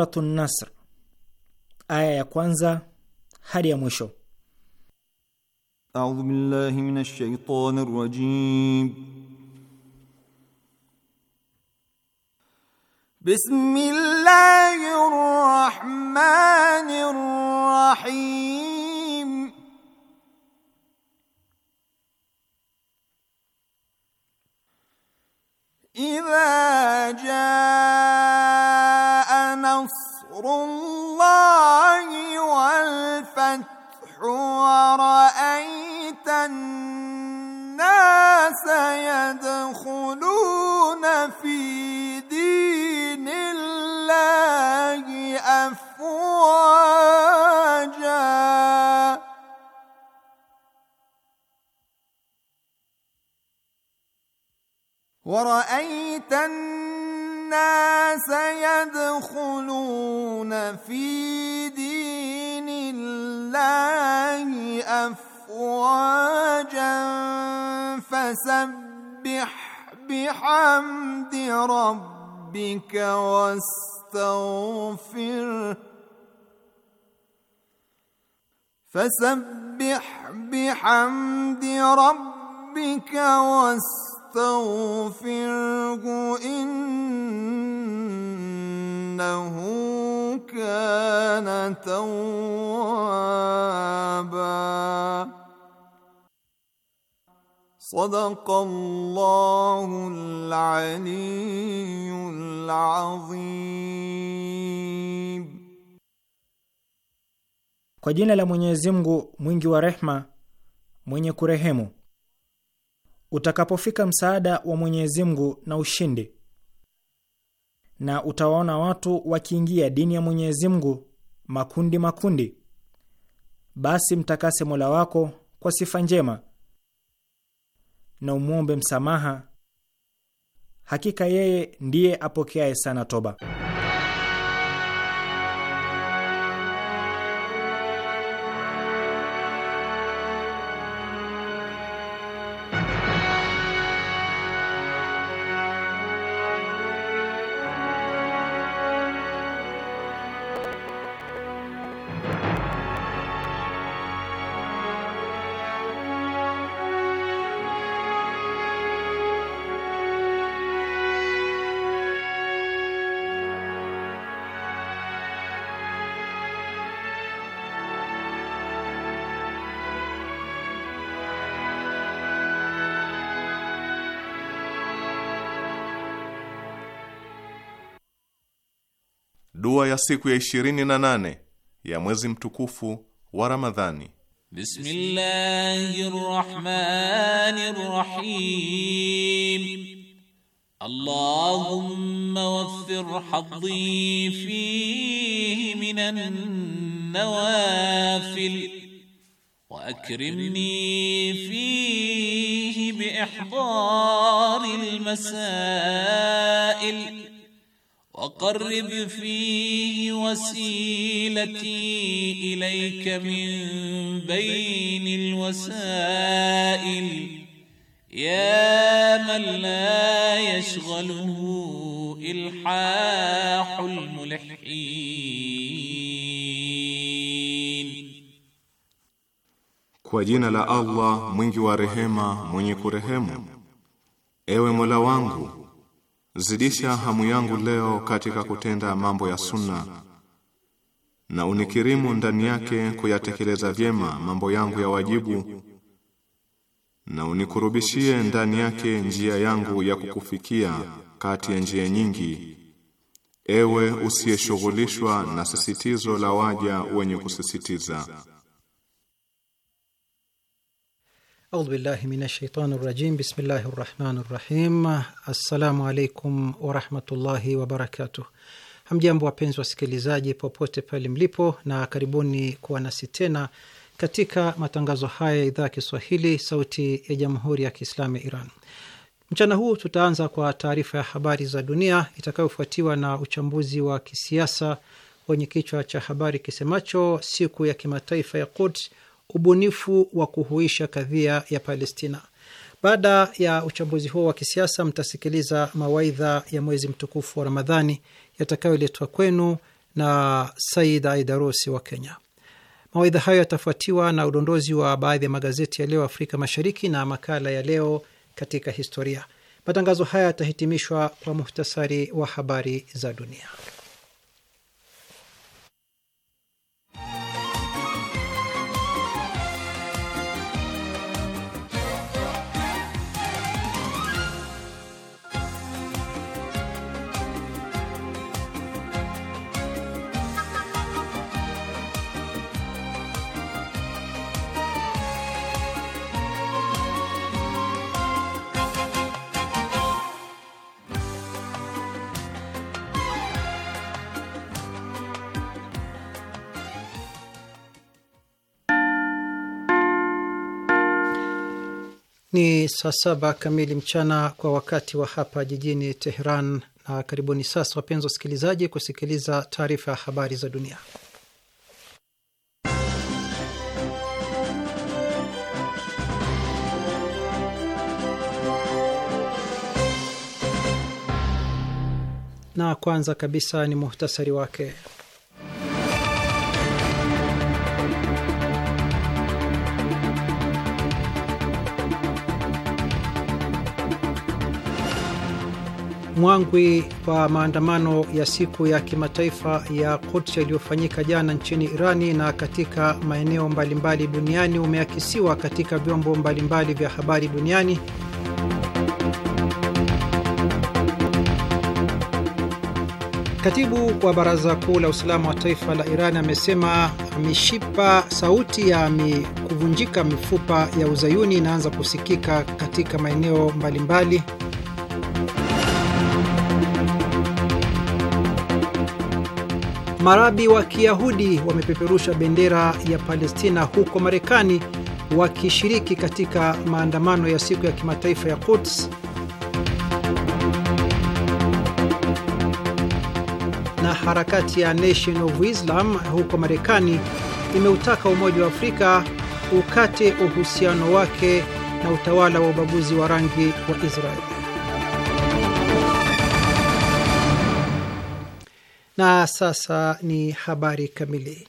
Suratun Nasr aya ya kwanza hadi ya mwisho. A'udhu billahi minash shaitani rajim. Bismillah الناس يدخلون في دين الله أفواجا ورأيت الناس يدخلون في دين الله أفواجا أزواجا فسبح بحمد ربك واستغفر فسبح بحمد ربك واستغفره إنه كان توابا صدق الله العلي العظيم Kwa jina la Mwenyezi Mungu mwingi wa rehma, mwenye kurehemu. Utakapofika msaada wa Mwenyezi Mungu na ushindi, na utawaona watu wakiingia dini ya Mwenyezi Mungu makundi makundi, basi mtakase Mola wako kwa sifa njema na umwombe msamaha, hakika yeye ndiye apokeaye sana toba. Dua ya siku ya 28 ya mwezi mtukufu wa Ramadhani. Bismillahir Rahmanir Rahim. Allahumma waffir haddi fi minan nawafil wa akrimni fihi bi ihdaril masail وقرب فيه وسيلتي إليك من بين الوسائل يا من لا يشغله إلحاح الملحين Kwa jina la Allah mwingi wa rehema mwenye kurehemu, ewe Mola wangu zidisha hamu yangu leo katika kutenda mambo ya sunna na unikirimu ndani yake kuyatekeleza vyema mambo yangu ya wajibu na unikurubishie ndani yake njia yangu ya kukufikia kati ya njia nyingi ewe usiyeshughulishwa na sisitizo la waja wenye kusisitiza Audhu billahi minashaitan rajim. Bismillahi rahmani rahim. Assalamu alaikum warahmatullahi wabarakatuh. Hamjambo wapenzi wasikilizaji, popote pale mlipo, na karibuni kuwa nasi tena katika matangazo haya ya idhaa ya Kiswahili, Sauti ya Jamhuri ya Kiislamu ya Iran. Mchana huu tutaanza kwa taarifa ya habari za dunia itakayofuatiwa na uchambuzi wa kisiasa wenye kichwa cha habari kisemacho siku ya kimataifa ya Quds ubunifu wa kuhuisha kadhia ya Palestina. Baada ya uchambuzi huo wa kisiasa, mtasikiliza mawaidha ya mwezi mtukufu wa Ramadhani yatakayoletwa kwenu na Said Aidarusi wa Kenya. Mawaidha hayo yatafuatiwa na udondozi wa baadhi ya magazeti ya leo Afrika Mashariki na makala ya leo katika historia. Matangazo haya yatahitimishwa kwa muhtasari wa habari za dunia. Ni saa saba kamili mchana kwa wakati wa hapa jijini Teheran, na karibuni sasa, wapenzi wasikilizaji, kusikiliza taarifa ya habari za dunia. Na kwanza kabisa ni muhtasari wake. mwangwi wa maandamano ya siku ya kimataifa ya Quds yaliyofanyika jana nchini Irani na katika maeneo mbalimbali duniani umeakisiwa katika vyombo mbalimbali vya habari duniani. Katibu wa Baraza Kuu la Usalama wa Taifa la Iran amesema mishipa sauti ya kuvunjika mifupa ya uzayuni inaanza kusikika katika maeneo mbalimbali mbali. Marabi wa Kiyahudi wamepeperusha bendera ya Palestina huko Marekani wakishiriki katika maandamano ya siku ya kimataifa ya Quds. Na harakati ya Nation of Islam huko Marekani imeutaka Umoja wa Afrika ukate uhusiano wake na utawala wa ubaguzi wa rangi wa Israeli. Na sasa ni habari kamili.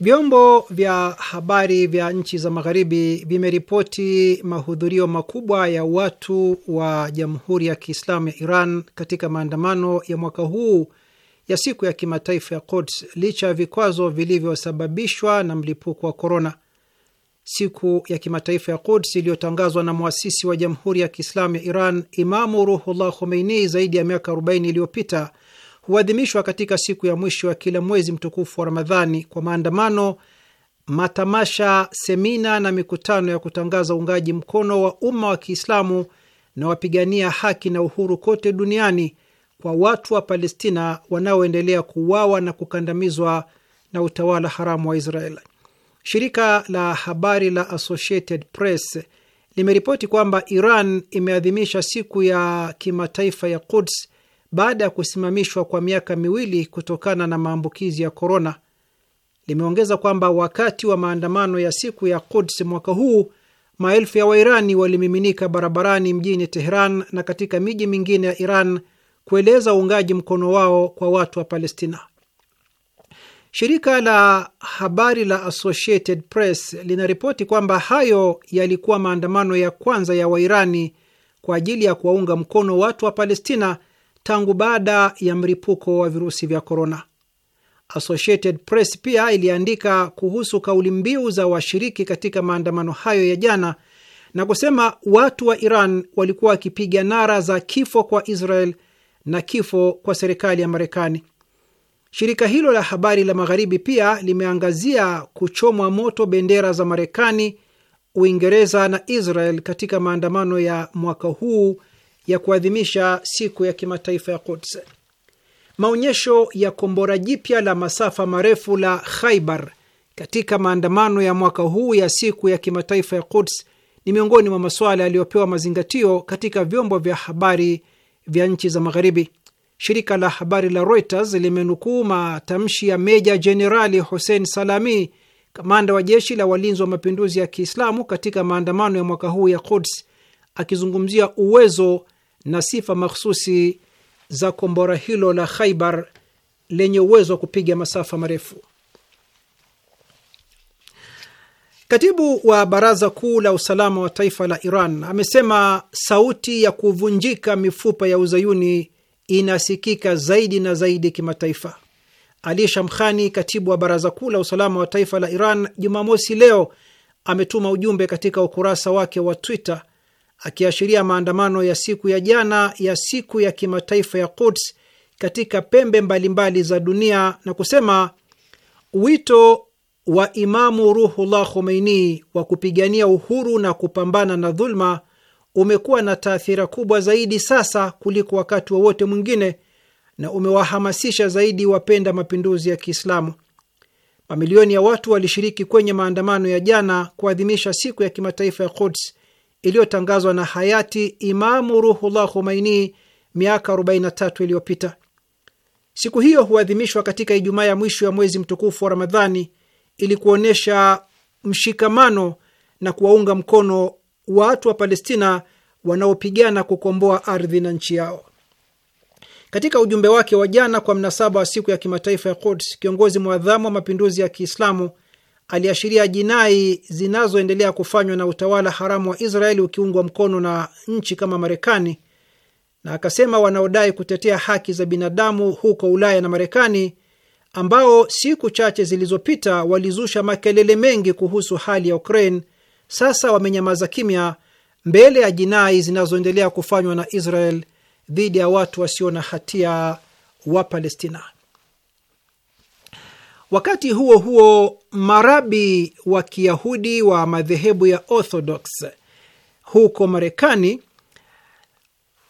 Vyombo vya habari vya nchi za magharibi vimeripoti mahudhurio makubwa ya watu wa Jamhuri ya Kiislamu ya Iran katika maandamano ya mwaka huu ya siku ya kimataifa ya Quds licha ya vikwazo vilivyosababishwa na mlipuko wa korona. Siku ya kimataifa ya Quds iliyotangazwa na mwasisi wa Jamhuri ya Kiislamu ya Iran Imamu Ruhullah Khomeini zaidi ya miaka 40 iliyopita huadhimishwa katika siku ya mwisho ya kila mwezi mtukufu wa Ramadhani kwa maandamano, matamasha, semina na mikutano ya kutangaza uungaji mkono wa umma wa Kiislamu na wapigania haki na uhuru kote duniani kwa watu wa Palestina wanaoendelea kuuawa na kukandamizwa na utawala haramu wa Israel. Shirika la habari la Associated Press limeripoti kwamba Iran imeadhimisha siku ya kimataifa ya Quds baada ya kusimamishwa kwa miaka miwili kutokana na maambukizi ya korona. Limeongeza kwamba wakati wa maandamano ya siku ya Quds mwaka huu maelfu ya Wairani walimiminika barabarani mjini Teheran na katika miji mingine ya Iran kueleza uungaji mkono wao kwa watu wa Palestina. Shirika la habari la Associated Press linaripoti kwamba hayo yalikuwa maandamano ya kwanza ya Wairani kwa ajili ya kuwaunga mkono watu wa Palestina tangu baada ya mlipuko wa virusi vya korona. Associated Press pia iliandika kuhusu kauli mbiu za washiriki katika maandamano hayo ya jana na kusema watu wa Iran walikuwa wakipiga nara za kifo kwa Israel na kifo kwa serikali ya Marekani. Shirika hilo la habari la Magharibi pia limeangazia kuchomwa moto bendera za Marekani, Uingereza na Israel katika maandamano ya mwaka huu ya kuadhimisha siku ya kimataifa ya Quds. Maonyesho ya kombora jipya la masafa marefu la Khaibar katika maandamano ya mwaka huu ya siku ya kimataifa ya Quds ni miongoni mwa masuala yaliyopewa mazingatio katika vyombo vya habari vya nchi za Magharibi. Shirika la habari la Reuters limenukuu matamshi ya meja jenerali Hussein Salami, kamanda wa jeshi la walinzi wa mapinduzi ya Kiislamu, katika maandamano ya mwaka huu ya Quds, akizungumzia uwezo na sifa mahususi za kombora hilo la Khaibar lenye uwezo wa kupiga masafa marefu. Katibu wa Baraza Kuu la Usalama wa Taifa la Iran amesema sauti ya kuvunjika mifupa ya uzayuni inasikika zaidi na zaidi kimataifa. Ali Shamkhani, katibu wa Baraza Kuu la Usalama wa Taifa la Iran, Jumamosi leo ametuma ujumbe katika ukurasa wake wa Twitter akiashiria maandamano ya siku ya jana ya siku ya kimataifa ya Quds katika pembe mbalimbali za dunia na kusema wito wa Imamu Ruhullah Khomeini wa kupigania uhuru na kupambana na dhulma umekuwa na taathira kubwa zaidi sasa kuliko wakati wowote wa mwingine na umewahamasisha zaidi wapenda mapinduzi ya Kiislamu. Mamilioni ya watu walishiriki kwenye maandamano ya jana kuadhimisha siku ya kimataifa ya Quds iliyotangazwa na hayati Imamu Ruhullah Khomeini miaka 43 iliyopita. Siku hiyo huadhimishwa katika Ijumaa ya mwisho ya mwezi mtukufu wa Ramadhani ili kuonyesha mshikamano na kuwaunga mkono watu wa Palestina wanaopigana kukomboa ardhi na nchi yao. Katika ujumbe wake wa jana kwa mnasaba wa siku ya kimataifa ya Quds, kiongozi mwadhamu wa mapinduzi ya Kiislamu aliashiria jinai zinazoendelea kufanywa na utawala haramu wa Israeli ukiungwa mkono na nchi kama Marekani, na akasema wanaodai kutetea haki za binadamu huko Ulaya na Marekani, ambao siku chache zilizopita walizusha makelele mengi kuhusu hali ya Ukraine, sasa wamenyamaza kimya mbele ya jinai zinazoendelea kufanywa na Israel dhidi ya watu wasio na hatia wa Palestina. Wakati huo huo, marabi wa Kiyahudi wa madhehebu ya Orthodox huko Marekani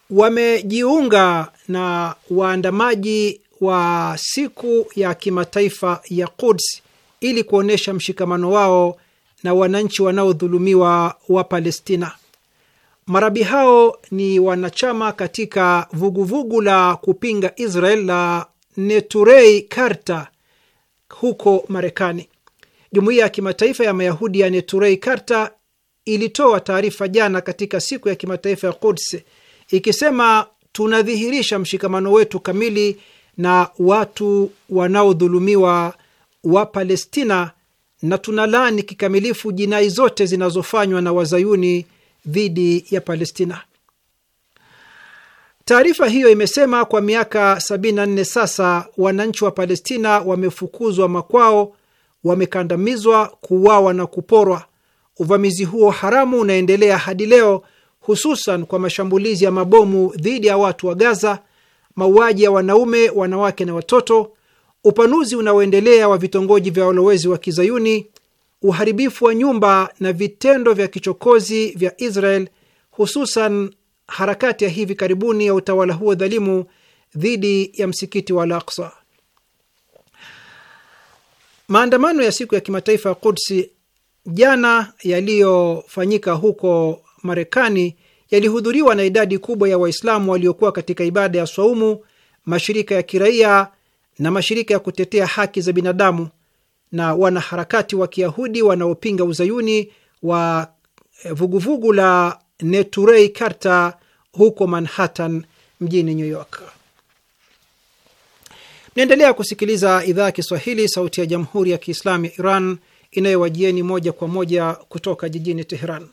wamejiunga na waandamaji wa siku ya kimataifa ya Quds ili kuonyesha mshikamano wao na wananchi wanaodhulumiwa wa Palestina. Marabi hao ni wanachama katika vuguvugu la kupinga Israel la Neturei Karta huko Marekani. Jumuiya ya kimataifa ya Mayahudi yani Turei Karta ilitoa taarifa jana katika siku ya kimataifa ya Quds ikisema, tunadhihirisha mshikamano wetu kamili na watu wanaodhulumiwa wa Palestina na tunalaani kikamilifu jinai zote zinazofanywa na wazayuni dhidi ya Palestina. Taarifa hiyo imesema kwa miaka 74 sasa wananchi wa Palestina wamefukuzwa makwao, wamekandamizwa, kuuawa na kuporwa. Uvamizi huo haramu unaendelea hadi leo, hususan kwa mashambulizi ya mabomu dhidi ya watu wa Gaza, mauaji ya wanaume, wanawake na watoto, upanuzi unaoendelea wa vitongoji vya walowezi wa Kizayuni, uharibifu wa nyumba na vitendo vya kichokozi vya Israel hususan harakati ya hivi karibuni ya utawala huo dhalimu dhidi ya msikiti wa Al-Aqsa. Maandamano ya siku ya kimataifa ya Kudsi jana yaliyofanyika huko Marekani yalihudhuriwa na idadi kubwa ya Waislamu waliokuwa katika ibada ya swaumu, mashirika ya kiraia na mashirika ya kutetea haki za binadamu na wanaharakati wa Kiyahudi wanaopinga uzayuni wa eh, vuguvugu la Neturei Carter huko Manhattan mjini New York. Mnaendelea kusikiliza idhaa ya Kiswahili, sauti ya jamhuri ya kiislamu ya Iran inayowajieni moja kwa moja kutoka jijini Teheran.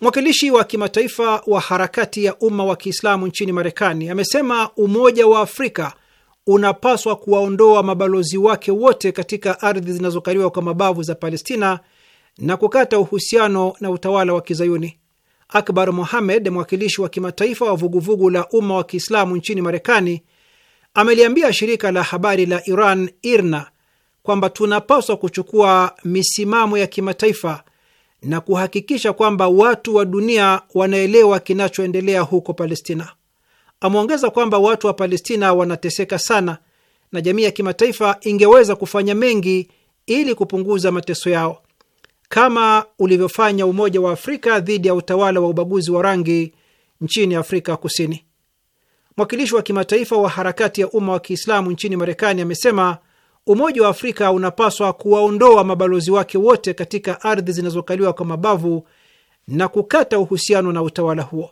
Mwakilishi wa kimataifa wa harakati ya umma wa kiislamu nchini Marekani amesema Umoja wa Afrika unapaswa kuwaondoa mabalozi wake wote katika ardhi zinazokaliwa kwa mabavu za Palestina na kukata uhusiano na utawala wa Kizayuni. Akbar Mohamed, mwakilishi wa kimataifa wa vuguvugu la umma wa Kiislamu nchini Marekani, ameliambia shirika la habari la Iran IRNA kwamba tunapaswa kuchukua misimamo ya kimataifa na kuhakikisha kwamba watu wa dunia wanaelewa kinachoendelea huko Palestina. Ameongeza kwamba watu wa Palestina wanateseka sana na jamii ya kimataifa ingeweza kufanya mengi ili kupunguza mateso yao kama ulivyofanya Umoja wa Afrika dhidi ya utawala wa ubaguzi wa rangi nchini Afrika Kusini. Mwakilishi wa kimataifa wa harakati ya umma wa Kiislamu nchini Marekani amesema Umoja wa Afrika unapaswa kuwaondoa mabalozi wake wote katika ardhi zinazokaliwa kwa mabavu na kukata uhusiano na utawala huo.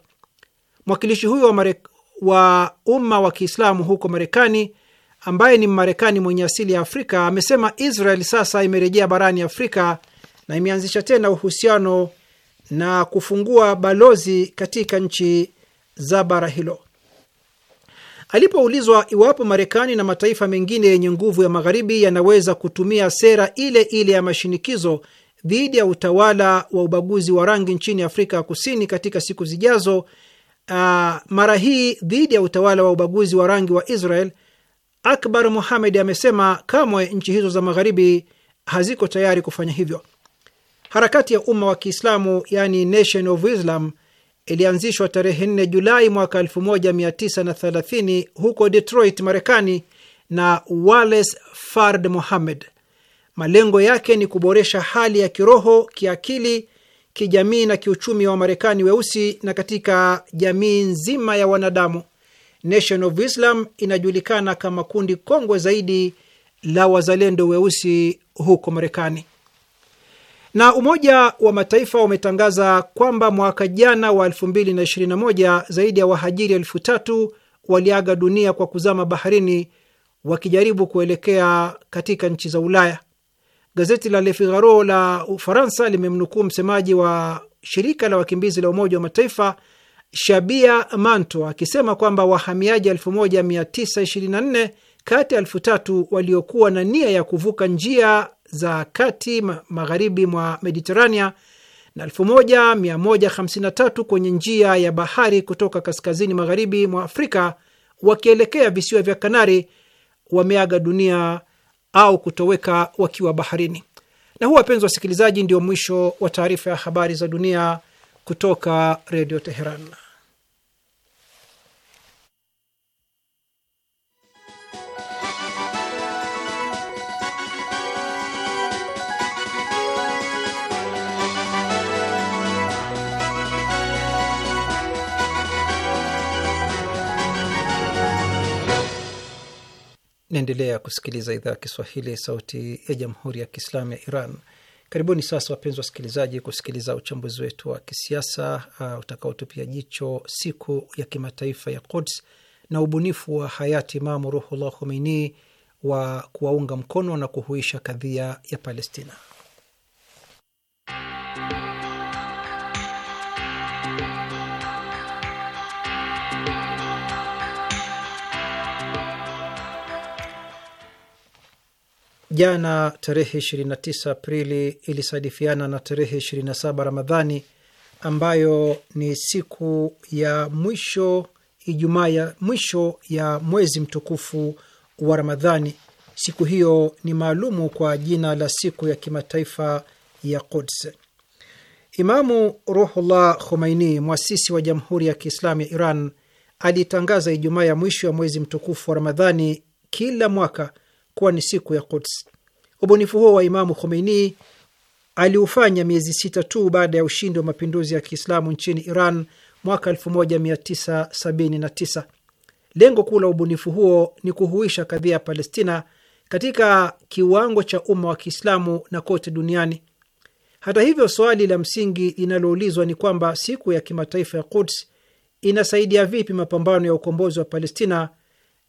Mwakilishi huyo wa, wa umma wa Kiislamu huko Marekani ambaye ni Mmarekani mwenye asili ya Afrika amesema Israel sasa imerejea barani Afrika na imeanzisha tena uhusiano na kufungua balozi katika nchi za bara hilo. Alipoulizwa iwapo Marekani na mataifa mengine yenye nguvu ya Magharibi yanaweza kutumia sera ile ile ya mashinikizo dhidi ya utawala wa ubaguzi wa rangi nchini Afrika ya Kusini katika siku zijazo, uh, mara hii dhidi ya utawala wa ubaguzi wa rangi wa Israel, Akbar Mohamed amesema kamwe nchi hizo za Magharibi haziko tayari kufanya hivyo. Harakati ya umma wa Kiislamu yani Nation of Islam ilianzishwa tarehe 4 Julai mwaka 1930 huko Detroit, Marekani na Wallace Fard Mohammed. Malengo yake ni kuboresha hali ya kiroho, kiakili, kijamii na kiuchumi wa marekani weusi na katika jamii nzima ya wanadamu. Nation of Islam inajulikana kama kundi kongwe zaidi la wazalendo weusi huko Marekani. Na Umoja wa Mataifa umetangaza kwamba mwaka jana wa 2021 zaidi ya wahajiri elfu tatu waliaga dunia kwa kuzama baharini wakijaribu kuelekea katika nchi za Ulaya. Gazeti la Le Figaro la Ufaransa limemnukuu msemaji wa shirika la wakimbizi la Umoja wa Mataifa Shabia Manto akisema kwamba wahamiaji 1924 kati ya elfu tatu waliokuwa na nia ya kuvuka njia za kati magharibi mwa Mediterania na 1153 kwenye njia ya bahari kutoka kaskazini magharibi mwa Afrika wakielekea visiwa vya Kanari wameaga dunia au kutoweka wakiwa baharini. Na huu, wapenzi wasikilizaji, ndio mwisho wa taarifa ya habari za dunia kutoka Redio Teheran. Naendelea kusikiliza idhaa ya Kiswahili, sauti ya jamhuri ya kiislamu ya Iran. Karibuni sasa wapenzi wasikilizaji, kusikiliza uchambuzi wetu wa kisiasa uh, utakaotupia jicho siku ya kimataifa ya Quds na ubunifu wa hayati Imamu Ruhullah Khomeini wa kuwaunga mkono na kuhuisha kadhia ya Palestina. jana tarehe 29 Aprili ilisadifiana na tarehe 27 Ramadhani ambayo ni siku ya mwisho, Ijumaa ya mwisho ya mwezi mtukufu wa Ramadhani. Siku hiyo ni maalumu kwa jina la siku ya kimataifa ya Quds. Imamu Ruhullah Khomeini, mwasisi wa Jamhuri ya Kiislamu ya Iran, alitangaza Ijumaa ya mwisho ya mwezi mtukufu wa Ramadhani kila mwaka kuwa ni siku ya Quds. Ubunifu huo wa Imamu Khomeini aliufanya miezi sita tu baada ya ushindi wa mapinduzi ya Kiislamu nchini Iran mwaka 1979. Lengo kuu la ubunifu huo ni kuhuisha kadhia ya Palestina katika kiwango cha umma wa Kiislamu na kote duniani. Hata hivyo, swali la msingi linaloulizwa ni kwamba siku ya kimataifa ya Quds inasaidia vipi mapambano ya ukombozi wa Palestina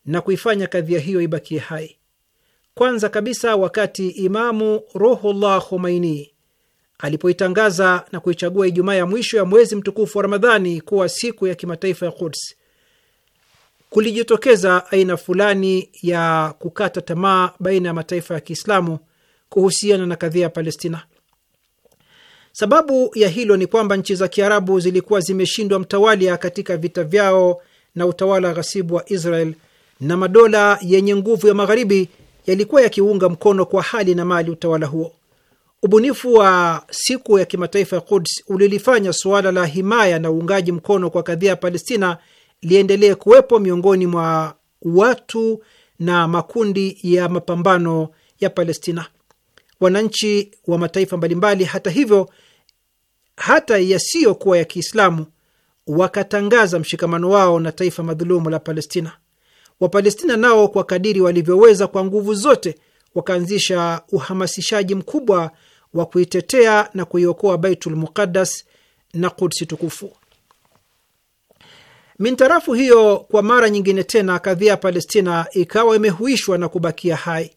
na kuifanya kadhia hiyo ibakie hai? Kwanza kabisa, wakati Imamu Ruhullah Khomeini alipoitangaza na kuichagua Ijumaa ya mwisho ya mwezi mtukufu wa Ramadhani kuwa siku ya kimataifa ya Quds, kulijitokeza aina fulani ya kukata tamaa baina ya mataifa ya Kiislamu kuhusiana na kadhia ya Palestina. Sababu ya hilo ni kwamba nchi za Kiarabu zilikuwa zimeshindwa mtawalia katika vita vyao na utawala ghasibu wa Israel na madola yenye nguvu ya Magharibi yalikuwa yakiunga mkono kwa hali na mali utawala huo. Ubunifu wa siku ya kimataifa ya Quds ulilifanya suala la himaya na uungaji mkono kwa kadhia ya Palestina liendelee kuwepo miongoni mwa watu na makundi ya mapambano ya Palestina. Wananchi wa mataifa mbalimbali, hata hivyo, hata yasiyokuwa ya Kiislamu, wakatangaza mshikamano wao na taifa madhulumu la Palestina. Wapalestina nao kwa kadiri walivyoweza kwa nguvu zote wakaanzisha uhamasishaji mkubwa wa kuitetea na kuiokoa Baitul Muqaddas na Kudsi tukufu. Mintarafu hiyo, kwa mara nyingine tena, kadhia ya Palestina ikawa imehuishwa na kubakia hai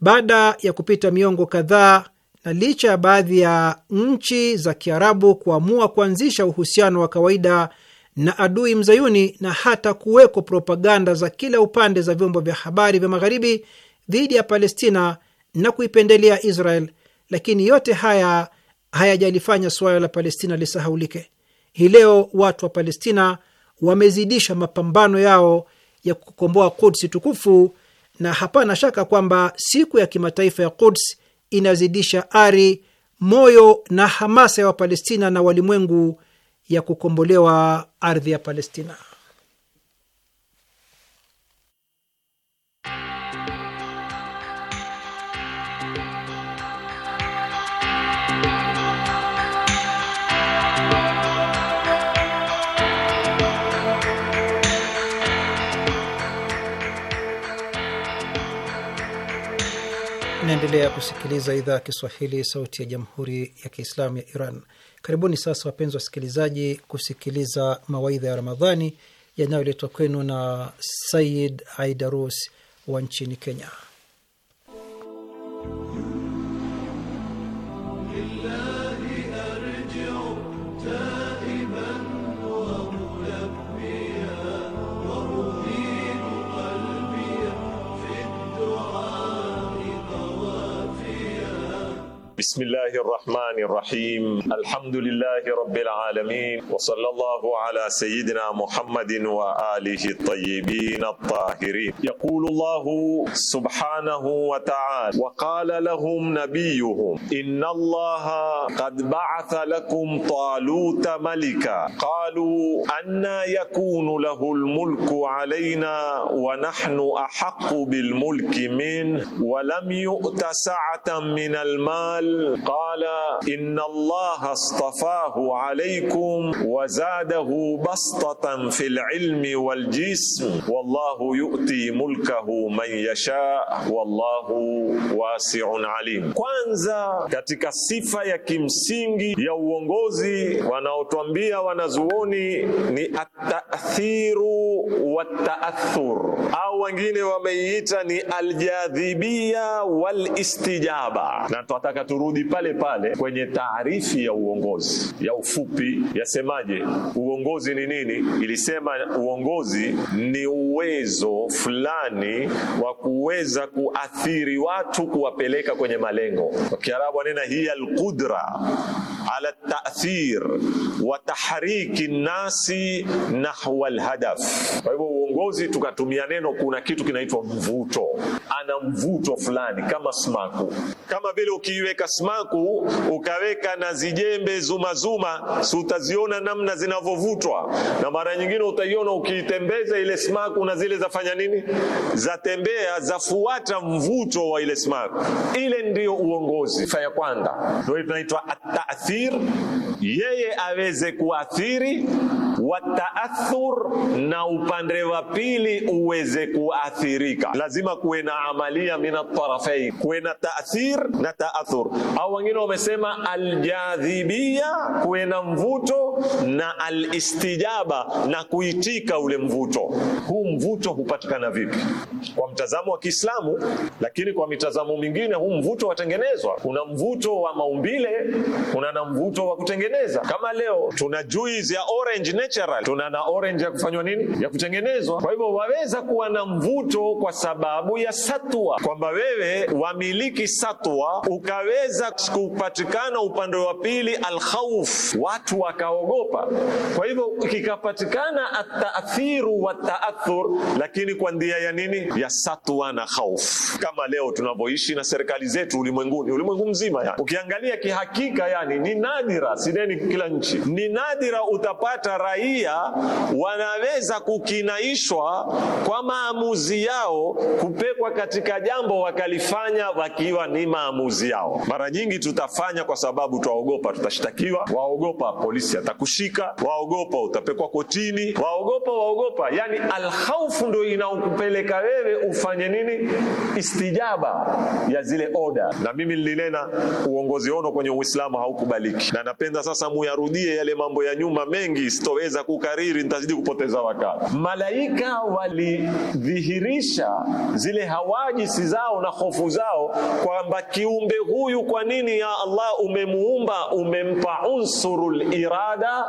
baada ya kupita miongo kadhaa, na licha ya baadhi ya nchi za Kiarabu kuamua kuanzisha uhusiano wa kawaida na adui mzayuni na hata kuweko propaganda za kila upande za vyombo vya habari vya magharibi dhidi ya Palestina na kuipendelea Israel, lakini yote haya hayajalifanya suala la Palestina lisahaulike. Hii leo watu wa Palestina wamezidisha mapambano yao ya kukomboa Quds tukufu, na hapana shaka kwamba siku ya kimataifa ya Quds inazidisha ari, moyo na hamasa ya Wapalestina na walimwengu ya kukombolewa ardhi ya Palestina. Naendelea kusikiliza idhaa ya Kiswahili, sauti ya jamhuri ya kiislamu ya Iran. Karibuni sasa, wapenzi wasikilizaji, kusikiliza mawaidha ya Ramadhani yanayoletwa kwenu na Sayid Aidarus wa nchini Kenya. بسم الله الرحمن الرحيم الحمد لله رب العالمين وصلى الله على سيدنا محمد وآله الطيبين الطاهرين يقول الله سبحانه وتعالى وقال لهم نبيهم إن الله قد بعث لكم طالوت ملكا قالوا أنا يكون له الملك علينا ونحن أحق بالملك منه ولم يؤت سعة من المال qala inna allaha astafahu alaykum wa zadahu bastatan fil ilmi wal jism wallahu yu'ti mulkahu man yasha wallahu wasi'un alim. Kwanza katika sifa ya kimsingi ya uongozi wanaotwambia wanazuoni ni at-ta'thiru au wengine wameiita ni aljadhibia wal na tunataka tu kurudi pale pale kwenye taarifi ya uongozi ya ufupi yasemaje? Uongozi ni nini? Ilisema uongozi ni uwezo fulani wa kuweza kuathiri watu, kuwapeleka kwenye malengo. Kwa Kiarabu anena hiya alqudra ala tathir wa tahriki nasi nahwa alhadaf. Kwa hivyo uongozi, tukatumia neno, kuna kitu kinaitwa mvuto, ana mvuto fulani kama smaku, kama vile ukiiweka smaku ukaweka na zijembe zumazuma, si utaziona namna zinavyovutwa, na mara nyingine utaiona ukiitembeza ile smaku na zile zafanya nini, zatembea zafuata mvuto wa ile smaku. Ile ndio uongozi. Sifa ya kwanza ndio tunaitwa ataathir, yeye aweze kuathiri wa taathur, na upande wa pili uweze kuathirika. Lazima kuwe na amalia min atarafain, kuwe na taathir na taathur, au wengine wamesema aljadhibia, kuwe na mvuto na alistijaba, na kuitika ule mvuto. Huu mvuto hupatikana vipi? kwa mtazamo wa Kiislamu, lakini kwa mitazamo mingine huu mvuto watengenezwa. Kuna mvuto wa maumbile, kuna na mvuto wa kutengeneza. Kama leo tuna juice ya orange natural, tuna na orange ya kufanywa nini, ya kutengenezwa. Kwa hivyo waweza kuwa na mvuto kwa sababu ya satwa, kwamba wewe wamiliki satwa ukaweza kupatikana upande wa pili alkhauf, watu wakaogopa. Kwa hivyo kikapatikana attathiru wa taathur, lakini kwa ndia ya nini ya satwa na hofu, kama leo tunavyoishi na serikali zetu ulimwenguni, ulimwengu mzima yani. Ukiangalia kihakika, yani ni nadira, sideni kila nchi, ni nadira utapata raia wanaweza kukinaishwa kwa maamuzi yao kupekwa katika jambo wakalifanya wakiwa ni maamuzi yao. Mara nyingi tutafanya kwa sababu twaogopa tutashtakiwa, waogopa polisi atakushika, waogopa utapekwa kotini, waogopa waogopa, yani alhaufu ndio inaokupeleka wewe wewe ufanye nini? Istijaba ya zile oda. Na mimi nilinena uongozi ono kwenye Uislamu haukubaliki, na napenda sasa muyarudie yale mambo ya nyuma mengi, sitoweza kukariri, nitazidi kupoteza wakati. Malaika walidhihirisha zile hawajisi zao na hofu zao kwamba kiumbe huyu, kwa nini ya Allah umemuumba, umempa unsurul irada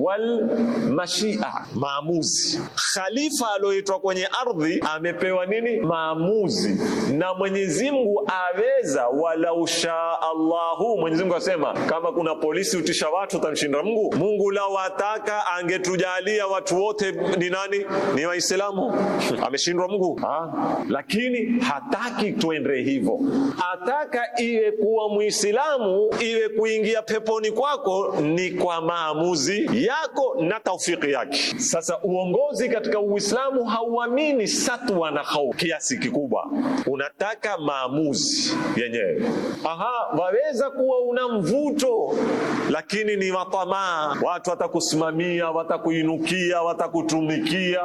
wal mashia, maamuzi. Khalifa aloitwa kwenye ardhi amepewa nini? Maamuzi. Na Mwenyezi Mungu aweza, wala usha Allahu. Mwenyezi Mungu asema kama kuna polisi utisha watu utamshinda Mungu? Mungu la wataka angetujalia watu wote ni nani? Ni Waislamu. Ameshindwa Mungu ha? Lakini hataki tuende hivyo, ataka iwe kuwa Muislamu iwe kuingia peponi kwako ni kwa maamuzi yako na taufiki yake. Sasa uongozi katika Uislamu hauamini sasa watu wana hofu kiasi kikubwa, unataka maamuzi yenyewe. Aha, waweza kuwa una mvuto, lakini ni watamaa. Watu watakusimamia, watakuinukia, watakutumikia.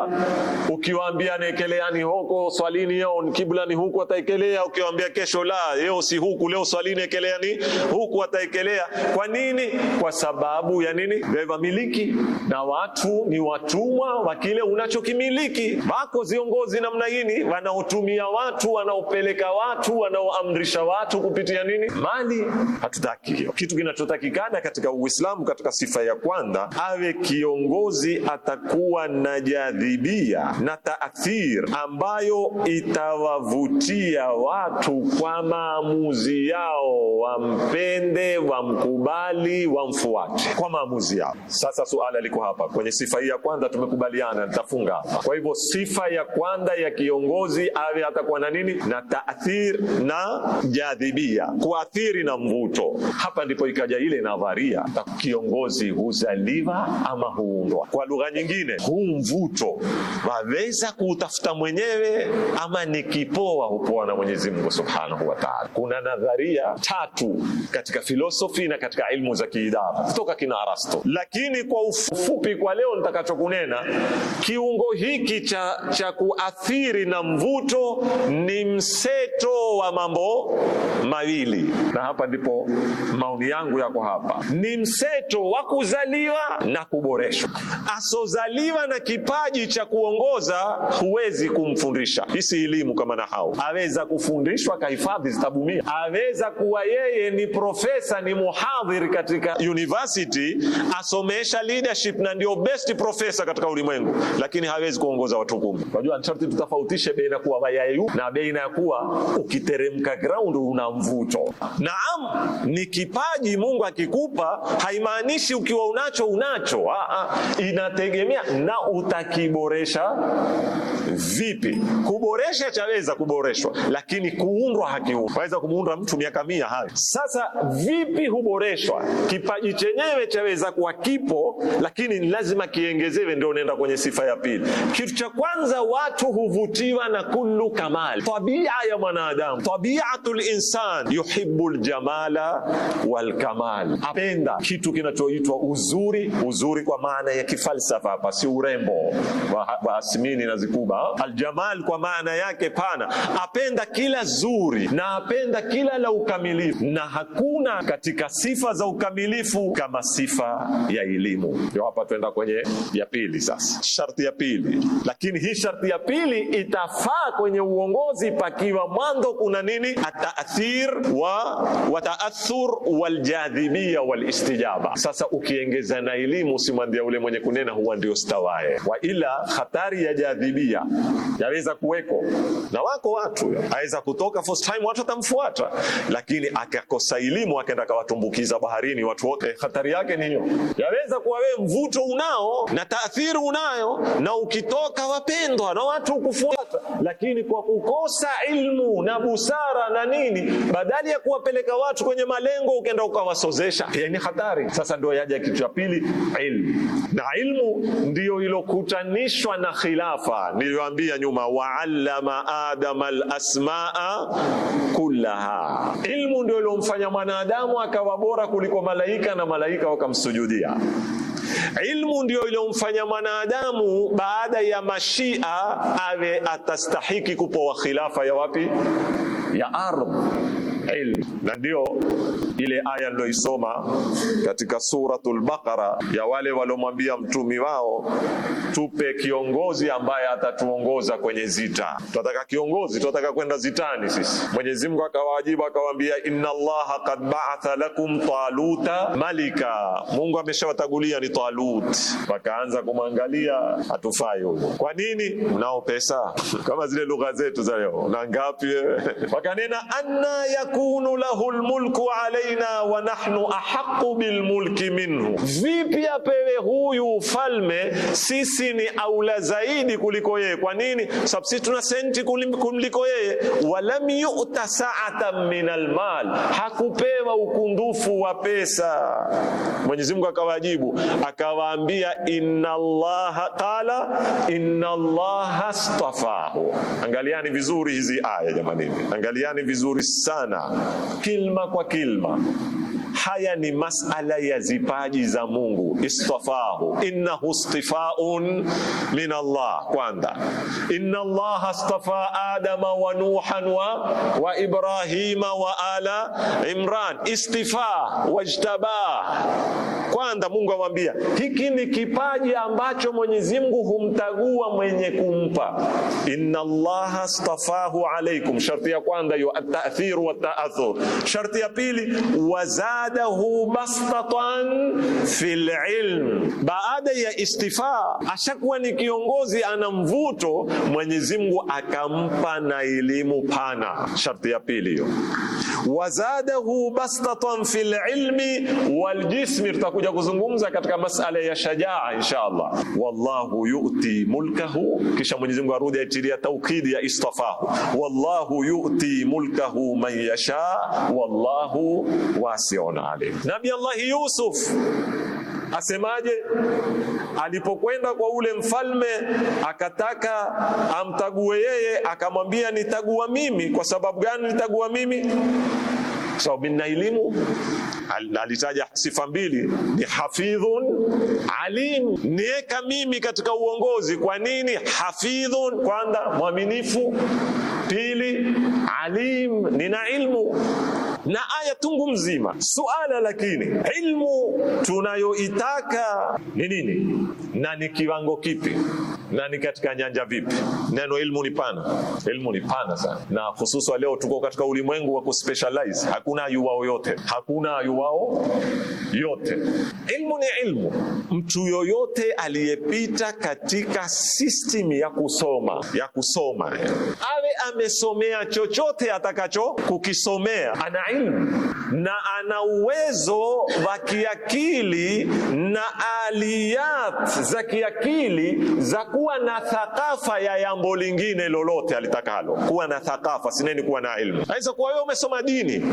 Ukiwaambia nekeleani huko swalini yao ni huku ataekelea, ukiwaambia kesho la yeo si huku leo swalini ekeleani huku wataekelea Kwa nini? Kwa sababu ya nini? Wevamiliki na watu ni watumwa wa kile unachokimiliki. Wako viongozi namna gani? Wanaotumia watu, wanaopeleka watu, wanaoamrisha watu kupitia nini? Mali. Hatutaki hiyo. Kitu kinachotakikana katika Uislamu, katika sifa ya kwanza, awe kiongozi atakuwa na jadhibia na taathir ambayo itawavutia watu kwa maamuzi yao, wampende, wamkubali, wamfuate kwa maamuzi yao. Sasa suala liko hapa kwenye sifa hii ya kwanza, tumekubaliana, nitafunga hapa. Kwa hivyo sifa ya kwanza ya kiongozi awe atakuwa na nini na taathir na jadhibia, kuathiri na mvuto. Hapa ndipo ikaja ile nadharia, kiongozi huzaliwa ama huundwa. Kwa lugha nyingine, huu mvuto waweza kuutafuta mwenyewe ama ni kipoa, hupoa na Mwenyezi Mungu subhanahu wa taala. Kuna nadharia tatu katika filosofi na katika ilmu za kiidara kutoka kina Arasto, lakini kwa ufupi kwa leo nitakachokunena kiungo hiki cha, cha kuathiri taathiri na mvuto ni mseto wa mambo mawili, na hapa ndipo maoni yangu yako hapa. Ni mseto wa kuzaliwa na kuboreshwa. Asozaliwa na kipaji cha kuongoza huwezi kumfundisha, hisi elimu kama na hao aweza kufundishwa, kahifadhi zitabumia, aweza kuwa yeye ni profesa, ni muhadhiri katika university, asomesha leadership na ndio best profesa katika ulimwengu, lakini hawezi kuongoza watu kumi. Unajua, tutofautishe baina ya kuwa mayai na baina ya kuwa ukiteremka ground una mvuto. Naam, ni kipaji Mungu akikupa, haimaanishi ukiwa unacho unacho. Aa, ah, ah, inategemea na utakiboresha vipi. Kuboresha chaweza kuboreshwa, lakini kuundwa hakiundwi. Waweza kumuundwa mtu miaka mia hayo. Sasa vipi huboreshwa? Kipaji chenyewe chaweza kuwa kipo, lakini lazima kiengezewe, ndio unaenda kwenye sifa ya pili. Kitu cha kwanza watu hu kuvutiwa na kullu kamali, tabia ya mwanadamu, tabiatul insan yuhibu ljamala walkamal, apenda kitu kinachoitwa uzuri. Uzuri kwa maana ya kifalsafa hapa, si urembo wa Asmini na Zikuba. Aljamal kwa maana yake pana, apenda kila zuri na apenda kila la ukamilifu, na hakuna katika sifa za ukamilifu kama sifa ya elimu. Ndio hapa tuenda kwenye ya pili sasa, sharti ya pili, lakini hii sharti ya pili lakini itafaa kwenye uongozi pakiwa mwanzo kuna nini, ataathir wa wataathur waljadhibia walistijaba. Sasa ukiengeza na elimu, usimwambia ule mwenye kunena huwa ndio stawae, wa ila hatari ya jadhibia yaweza kuweko, na wako watu aweza kutoka first time watu watamfuata, lakini akakosa elimu akaenda akawatumbukiza baharini watu wote, hatari yake ni hiyo. Yaweza kuwa wewe mvuto unao na taathiri unayo, na ukitoka wapendwa na watu kufuata, lakini kwa kukosa ilmu na busara na nini, badali ya kuwapeleka watu kwenye malengo ukenda ukawasozesha, yani hatari. Sasa ndio yaja kitu cha pili, ilmu. Na ilmu ndiyo ilokutanishwa na khilafa niliyoambia nyuma, waallama adama alasmaa kullaha. Ilmu ndio ilomfanya mwanadamu akawa bora kuliko malaika na malaika wakamsujudia. Ilmu ndio iliyomfanya mwanadamu baada ya mashia awe atastahiki kupoa khilafa ya wapi? Ya ardhi ilm, na ndio ile aya niloisoma katika Suratul Baqara ya wale waliomwambia mtumi wao, tupe kiongozi ambaye atatuongoza kwenye zita. Tunataka kiongozi, tunataka kwenda zitani sisi. Mwenyezi Mungu akawajibu akawaambia, inna Allaha qad ba'atha lakum taluta malika, Mungu ameshawatagulia ni Talut. Wakaanza kumwangalia, hatufai huyo. Kwa nini? Mnao pesa kama zile lugha zetu za leo na ngapi wewe? Wakanena anna yakunu lahu lmulku alaina wa nahnu ahaqu bilmulki minhu, vipi apewe huyu ufalme, sisi ni aula zaidi kuliko yeye. Kwa nini? Sababu sisi tuna senti kumliko yeye. Walam yu'ta sa'atan min almal, hakupewa ukundufu wa pesa. Mwenyezi Mungu akawajibu akawaambia, inna allaha qala inna allaha astafahu. Angaliani vizuri hizi aya jamani, angaliani vizuri sana kilma kwa kilma. Haya ni masala ya zipaji za Mungu, istafahu innahu istifaun min Allah. Kwanza, inna Allah astafa adama wa nuhan wa, wa ibrahima wa ala imran, istifa wajtabah kwanza Mungu amwambia hiki ni kipaji ambacho Mwenyezi Mungu humtagua mwenye kumpa. Inna Allah stafahu alaykum, sharti ya kwanza hiyo, atathiru wa taathur. Sharti ya pili, wazadahu bastatan fil ilm. Baada ya istifaa, ashakuwa ni kiongozi, ana mvuto, Mwenyezi Mungu akampa na elimu pana. Sharti ya pili hiyo wazadahu bastatan fil ilmi wal jismi. Tutakuja kuzungumza katika masala ya shajaa inshallah. Wallahu yu'ti mulkahu, kisha Mwenyezi Mungu arudi aitilia taukidi ya istafahu, wallahu yu'ti mulkahu man yasha wallahu wasi'un alim. Nabi Allah Yusuf asemaje? Alipokwenda kwa ule mfalme, akataka amtague yeye, akamwambia nitagua mimi. Kwa sababu gani nitagua mimi? sababu so, elimu. Alitaja sifa mbili, ni hafidhun alim, niweka mimi katika uongozi. Kwa nini? Hafidhun, kwanza mwaminifu, pili alim, nina ilmu na aya tungu mzima. Suala lakini ilmu tunayoitaka ni nini na ni kiwango kipi na ni katika nyanja vipi? Neno ilmu ni pana, ilmu ni pana sana, na hususa leo tuko katika ulimwengu wa kuspecialize. Hakuna yuwao yote, hakuna yuwao yote. Ilmu ni ilmu. Mtu yoyote aliyepita katika system ya kusoma ya kusoma amesomea chochote atakacho kukisomea, ana ilmu na ana uwezo wa kiakili na aliyat za kiakili za kuwa na thakafa ya jambo lingine lolote alitakalo, kuwa na thakafa sineni, kuwa na ilmu. Aisa kuwa wewe umesoma dini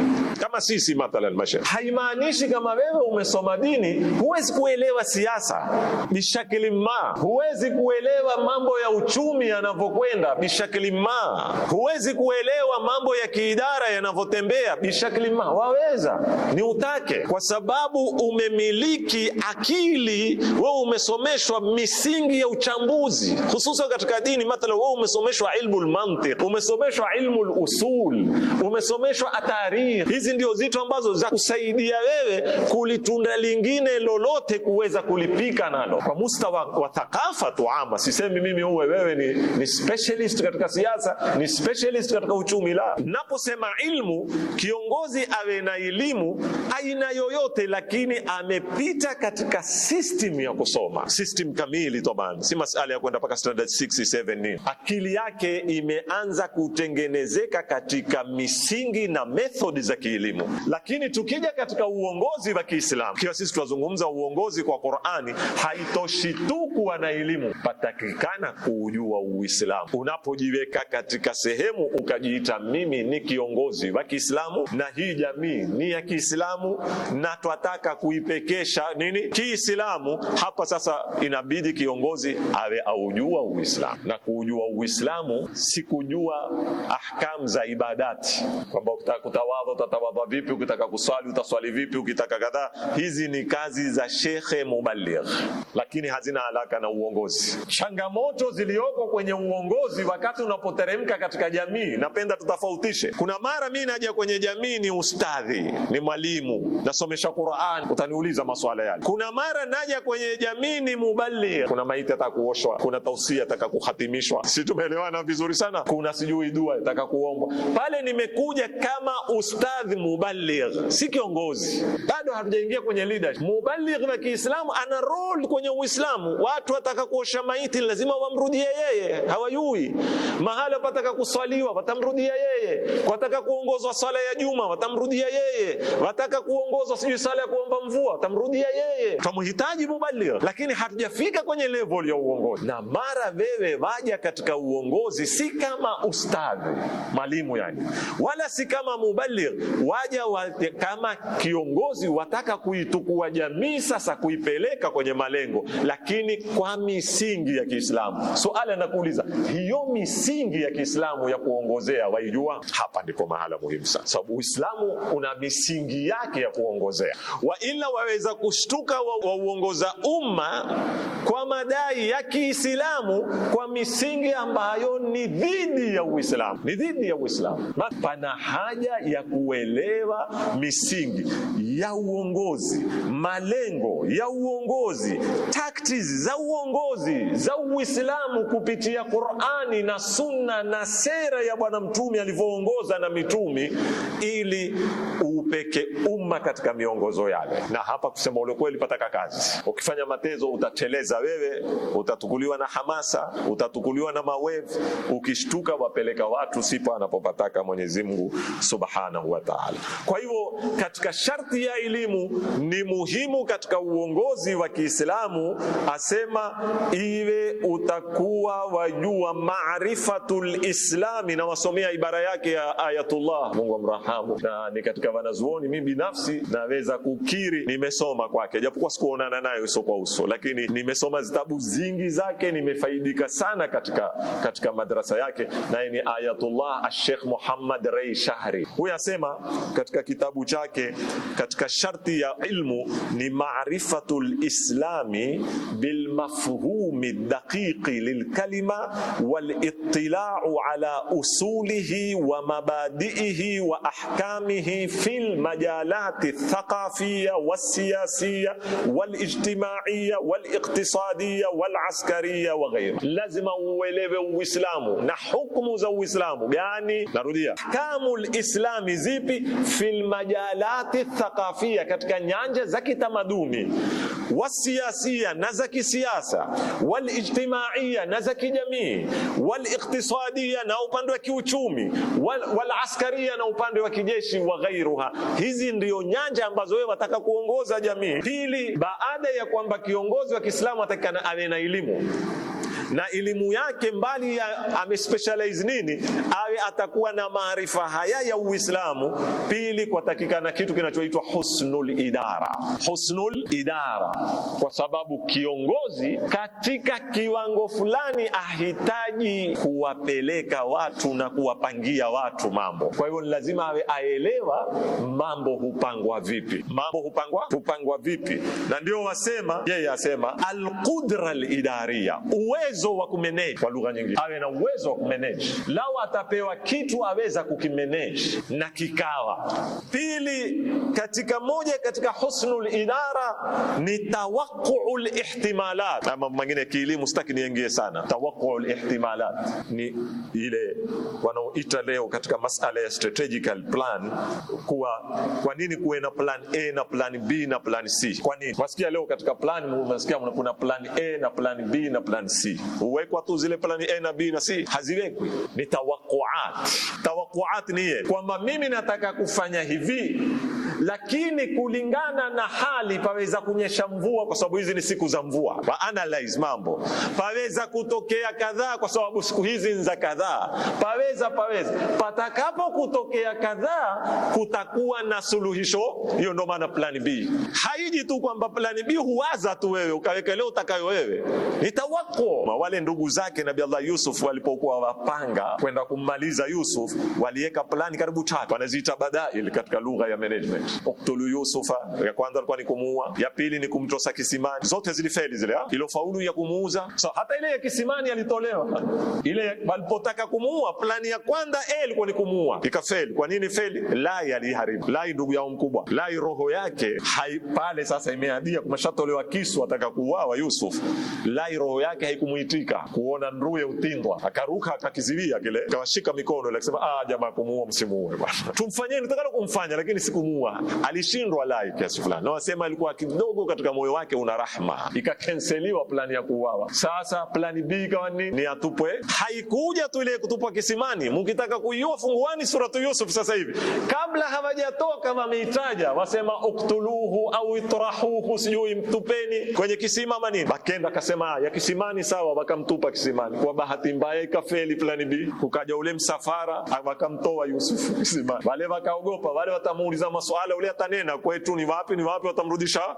kama sisi mathalan mashaikh, haimaanishi kama wewe umesoma dini huwezi kuelewa siasa bishakili ma, huwezi kuelewa mambo ya uchumi yanavyokwenda bishakili ma, Huwezi kuelewa mambo ya kiidara yanavyotembea bishakli ma, waweza ni utake, kwa sababu umemiliki akili wewe, umesomeshwa misingi ya uchambuzi, hususan katika dini. Mathalan, wewe umesomeshwa ilmu lmantiq, umesomeshwa ilmu lusul, umesomeshwa atarikh. Hizi ndio zitu ambazo za kusaidia wewe kulitunda lingine lolote kuweza kulipika nalo kwa mustawa wa thakafa tuama. Sisemi mimi uwe wewe ni, ni specialist katika siasa ni specialist katika uchumi. La, naposema ilmu, kiongozi awe na elimu aina yoyote, lakini amepita katika system ya kusoma, system kamili taban, si masala ya kwenda mpaka standard 6 7. Akili yake imeanza kutengenezeka katika misingi na methodi za kielimu. Lakini tukija katika uongozi wa Kiislamu, kiwa sisi tunazungumza uongozi kwa Qur'ani, haitoshi tu kuwa na elimu, patakikana kuujua Uislamu. Unapojiweka katika sehemu ukajiita mimi ni kiongozi wa Kiislamu na hii jamii ni ya Kiislamu na twataka kuipekesha nini Kiislamu. Hapa sasa inabidi kiongozi awe aujua Uislamu, na kuujua Uislamu si kujua ahkam za ibadati, kwamba ukitaka kutawadha utatawadha vipi, ukitaka kuswali utaswali vipi, ukitaka kadhaa. Hizi ni kazi za shekhe mubaligh, lakini hazina alaka na uongozi. Changamoto ziliyoko kwenye uongozi wakati unapoteremka katika jamii, napenda tutofautishe. Kuna mara mimi naja kwenye jamii ni ustadhi, ni mwalimu, nasomesha Qur'an, utaniuliza maswala yale. Kuna mara naja kwenye jamii ni mubaligh, kuna maiti atakuoshwa, kuna tausia atakakuhatimishwa, si tumeelewana vizuri sana. Kuna sijui dua atakakuombwa pale. Nimekuja kama ustadhi mubaligh, si kiongozi, bado hatujaingia kwenye leadership. Mubaligh wa Kiislamu ana role kwenye Uislamu. Watu watakakuosha maiti lazima wamrudie yeye, hawajui mahala pataka wataka kuswaliwa watamrudia yeye, wataka kuongozwa sala ya juma watamrudia yeye, wataka kuongozwa sijui sala ya kuomba mvua watamrudia yeye. Tamhitaji mubaligh, lakini hatujafika kwenye level ya uongozi. Na mara wewe waja katika uongozi, si kama ustadhi mwalimu yani, wala si kama mubaligh, waja wa, kama kiongozi, wataka kuitukua jamii sasa, kuipeleka kwenye malengo, lakini kwa misingi ya Kiislamu. Swali so, anakuuliza hiyo misingi ya Kiislamu Uislamu ya kuongozea waijua? Hapa ndipo mahala muhimu sana, sababu Uislamu una misingi yake ya kuongozea, waila waweza kushtuka wauongoza umma kwa madai ya Kiislamu kwa misingi ambayo ni dhidi ya Uislamu, ni dhidi ya Uislamu. Pana haja ya kuelewa misingi ya uongozi, malengo ya uongozi ta practice za uongozi za Uislamu kupitia Qur'ani na Sunna na sera ya Bwana Mtume alivyoongoza na mitumi, ili upeke umma katika miongozo yale. Na hapa kusema ule kweli, pataka kazi. Ukifanya matezo utateleza wewe, utatukuliwa na hamasa, utatukuliwa na mawevu. Ukishtuka wapeleka watu sipo anapopataka Mwenyezi Mungu Subhanahu wa Ta'ala. Kwa hivyo katika sharti ya elimu ni muhimu katika uongozi wa Kiislamu asema iwe utakuwa wajua maarifatul islami, na wasomea ibara yake ya Ayatullah, Mungu amrahamu, na ni katika wanazuoni. Mimi binafsi naweza kukiri nimesoma kwake, japokuwa sikuonana naye uso kwa uso, lakini nimesoma zitabu zingi zake, nimefaidika sana katika, katika madrasa yake, naye ni Ayatullah ashekh Muhammad Rei Shahri. Huyu asema katika kitabu chake, katika sharti ya ilmu ni maarifatul islami بالمفهوم الدقيق للكلمه والاطلاع على اصوله ومبادئه واحكامه في المجالات الثقافيه والسياسيه والاجتماعيه والاقتصاديه والعسكريه وغيرها لازم uelewe uislamu نحكم زو za يعني نرودية أحكام الإسلام زيبي في المجالات الثقافية thaqafia katika زكي تمدومي والسياسية نا na za kisiasa, ijtimaia na za kijamii, waliqtisadiya na upande wa kiuchumi, walaskaria na upande wa kijeshi, wa ghairuha. Hizi ndio nyanja ambazo wewe wataka kuongoza jamii. Pili, baada ya kwamba kiongozi wa Kiislamu atakana awe na elimu na elimu yake mbali ya amespecialize nini, awe atakuwa na maarifa haya ya Uislamu. Pili, kwatakikana kitu kinachoitwa husnul idara, husnul idara, kwa sababu kiongozi katika kiwango fulani ahitaji kuwapeleka watu na kuwapangia watu mambo. Kwa hivyo ni lazima awe aelewa mambo hupangwa vipi, mambo hupangwa hupangwa vipi, na ndio wasema yeye asema alqudra lidaria uwezo uwezo wa kumeneji kwa lugha nyingine, awe na uwezo wa kumeneji. Lau atapewa kitu aweza kukimeneji na kikawa. Pili, katika moja katika husnul idara ni tawaqqul ihtimalat. Ama mwingine kielimu, sitaki niingie sana. Tawaqqul ihtimalat ni ile wanaoita leo katika masala ya strategical plan, kuwa kwa nini kuwe na plan A na plan B na plan C? Kwa nini wasikia leo katika plan, mnasikia kuna plan A na plan B na plan C huwekwa tu zile plani A na B na C, haziwekwi ni tawakuat. Tawakuat ni ye kwamba mimi nataka kufanya hivi lakini kulingana na hali paweza kunyesha mvua, kwa sababu hizi ni siku za mvua, Wa analyze mambo. Paweza kutokea kadhaa, kwa sababu siku hizi ni za kadhaa. Paweza paweza, patakapo kutokea kadhaa, kutakuwa na suluhisho. Hiyo ndo maana plan B haiji tu kwamba plan B huwaza tu wewe ukaweka leo utakayo wewe, nitawako wale ndugu zake Nabi Allah Yusuf walipokuwa wapanga kwenda kummaliza Yusuf, waliweka plani karibu tatu, wanaziita badail katika lugha ya management uktuluyu sofa Ya kwanza alikuwa ni kumuua, ya pili ni kumtosa kisimani, zote zilifeli zile. Ah. faulu ya kumuuza so, hata ile ya kisimani alitolewa. Ile walipotaka kumuua, plani ya kwanza eh, ilikuwa ni kumuua, ikafeli. Kwa nini feli? Lai aliharibu, Lai ndugu yao mkubwa, Lai roho yake hai pale. Sasa imeadia kumeshatolewa kisu, ataka kuuawa Yusuf, Lai roho yake haikumuitika kuona nduye utindwa, akaruka akakizilia kile, akawashika mikono, akasema ah, jamaa, kumuua msimuue bwana, tumfanyeni tutakalo kumfanya, lakini sikumuua alishindwa lai kiasi fulani, na wasema alikuwa kidogo katika moyo wake una rahma, ikakenseliwa plani ya kuuawa. Sasa plani B ikawa ni atupwe. Haikuja tu ile kutupwa kisimani, mkitaka kuiua funguani suratu Yusuf sasa hivi, kabla hawajatoka wameitaja, wasema uktuluhu au itrahuhu, sijui mtupeni kwenye kisima manini Bakenda akasema ya kisimani sawa, wakamtupa kisimani. Kwa bahati mbaya ikafeli plani B, kukaja ule msafara wakamtoa Yusuf kisimani. Wale wakaogopa, wale watamuuliza maswali Qala ule atanena kwetu ni wapi ni wapi, watamrudisha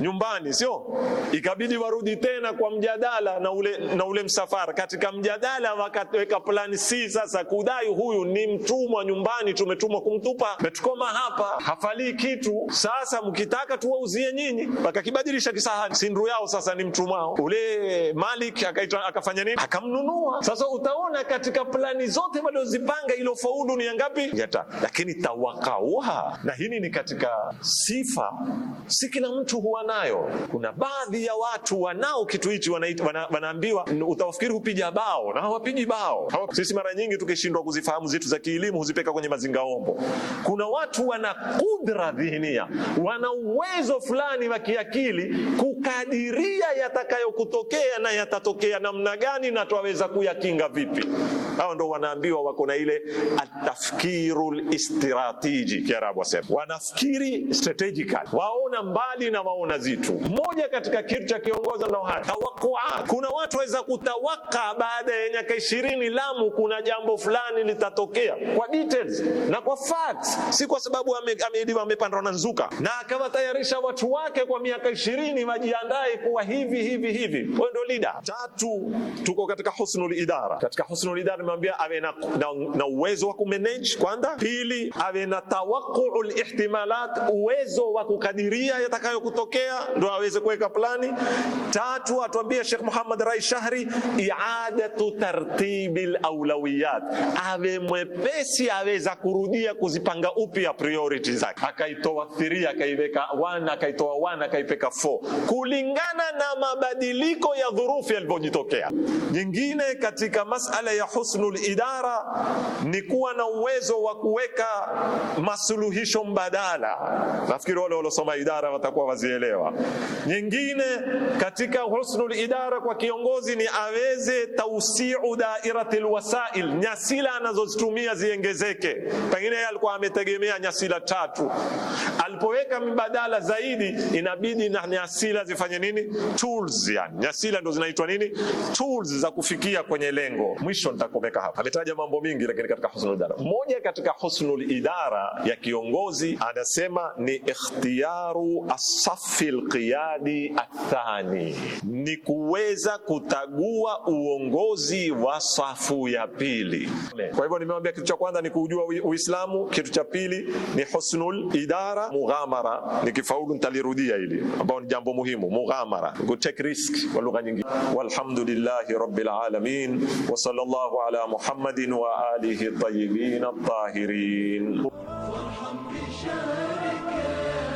nyumbani, sio? Ikabidi warudi tena kwa mjadala na ule, na ule msafara. Katika mjadala wakaweka plani C, sasa kudai huyu ni mtumwa nyumbani, tumetumwa kumtupa, metukoma hapa, hafalii kitu. Sasa mkitaka tuwauzie nyinyi, wakakibadilisha kisahani, sindru yao sasa ni mtumwao ule. Malik akaitwa akafanya nini? Akamnunua. Sasa utaona katika plani zote waliozipanga, ilo faulu ni yangapi? Lakini tawakawa na hii lakini katika sifa, si kila mtu huwa nayo. Kuna baadhi ya watu wanao kitu hichi, wana, wanaambiwa utawafikiri hupija bao na hawapiji bao. Sisi mara nyingi tukishindwa kuzifahamu zetu za kielimu huzipeka kwenye mazingaombo. Kuna watu wana kudra dhihinia, wana uwezo fulani wa kiakili kukadiria yatakayokutokea na yatatokea namna gani na twaweza kuyakinga vipi. Hao ndo wanaambiwa wako na ile atafkiru listiratiji, Kiarabu wasema wana wanafikiri strategically, waona mbali na waona zitu. Mmoja katika kitu cha kiongoza na haya tawakua, kuna watu waweza kutawaka baada ya miaka ishirini Lamu kuna jambo fulani litatokea kwa details na kwa facts, si kwa sababu ameambiwa amepandwa na nzuka, na akawatayarisha watu wake kwa miaka ishirini wajiandae kuwa hivi hivi hivi. Wewe ndio leader. Tatu, tuko katika husnul idara. Katika husnul idara nimeambia awe na, na, na uwezo wa kumanage kwanza, pili awe na tawakkul ihtimalat, uwezo wa kukadiria yatakayokutokea, ndo aweze kuweka plani. Tatu, atuambia Sheikh Muhammad Rai Shahri, iadatu tartibil aulawiyat, awe mwepesi, aweza kurudia kuzipanga upya priority zake, akaitoa 3 akaiweka 1 akaitoa 1 akaipeka 4 kulingana na mabadiliko ya dhurufi yalivyojitokea. Nyingine katika masala ya husnul idara ni kuwa na uwezo wa kuweka masuluhisho mbadala mjadala. Nafikiri wale waliosoma idara watakuwa wazielewa. Nyingine katika husnul idara kwa kiongozi ni aweze tausiu dairatil wasail, nyasila anazozitumia ziengezeke. Pengine yeye alikuwa ametegemea nyasila tatu, alipoweka mbadala zaidi, inabidi na nyasila zifanye nini? Tools, yani nyasila ndo zinaitwa nini? Tools za kufikia kwenye lengo. Mwisho nitakomeka hapa. Ametaja mambo mingi, lakini katika husnul idara, moja katika husnul idara ya kiongozi anasema ni ikhtiyaru asafi lqiyadi athani, ni kuweza kutagua uongozi wa safu ya pili. Kwa hivyo nimewambia, kitu cha kwanza ni kujua Uislamu, kitu cha pili ni husnul idara. Mughamara nikifaulu nitalirudia hili, ambao ni jambo muhimu, mughamara, ku take risk kwa lugha nyingine. Walhamdulillahi rabbil alamin wa sallallahu ala muhammadin wa alihi tayyibin tahirin. Americana.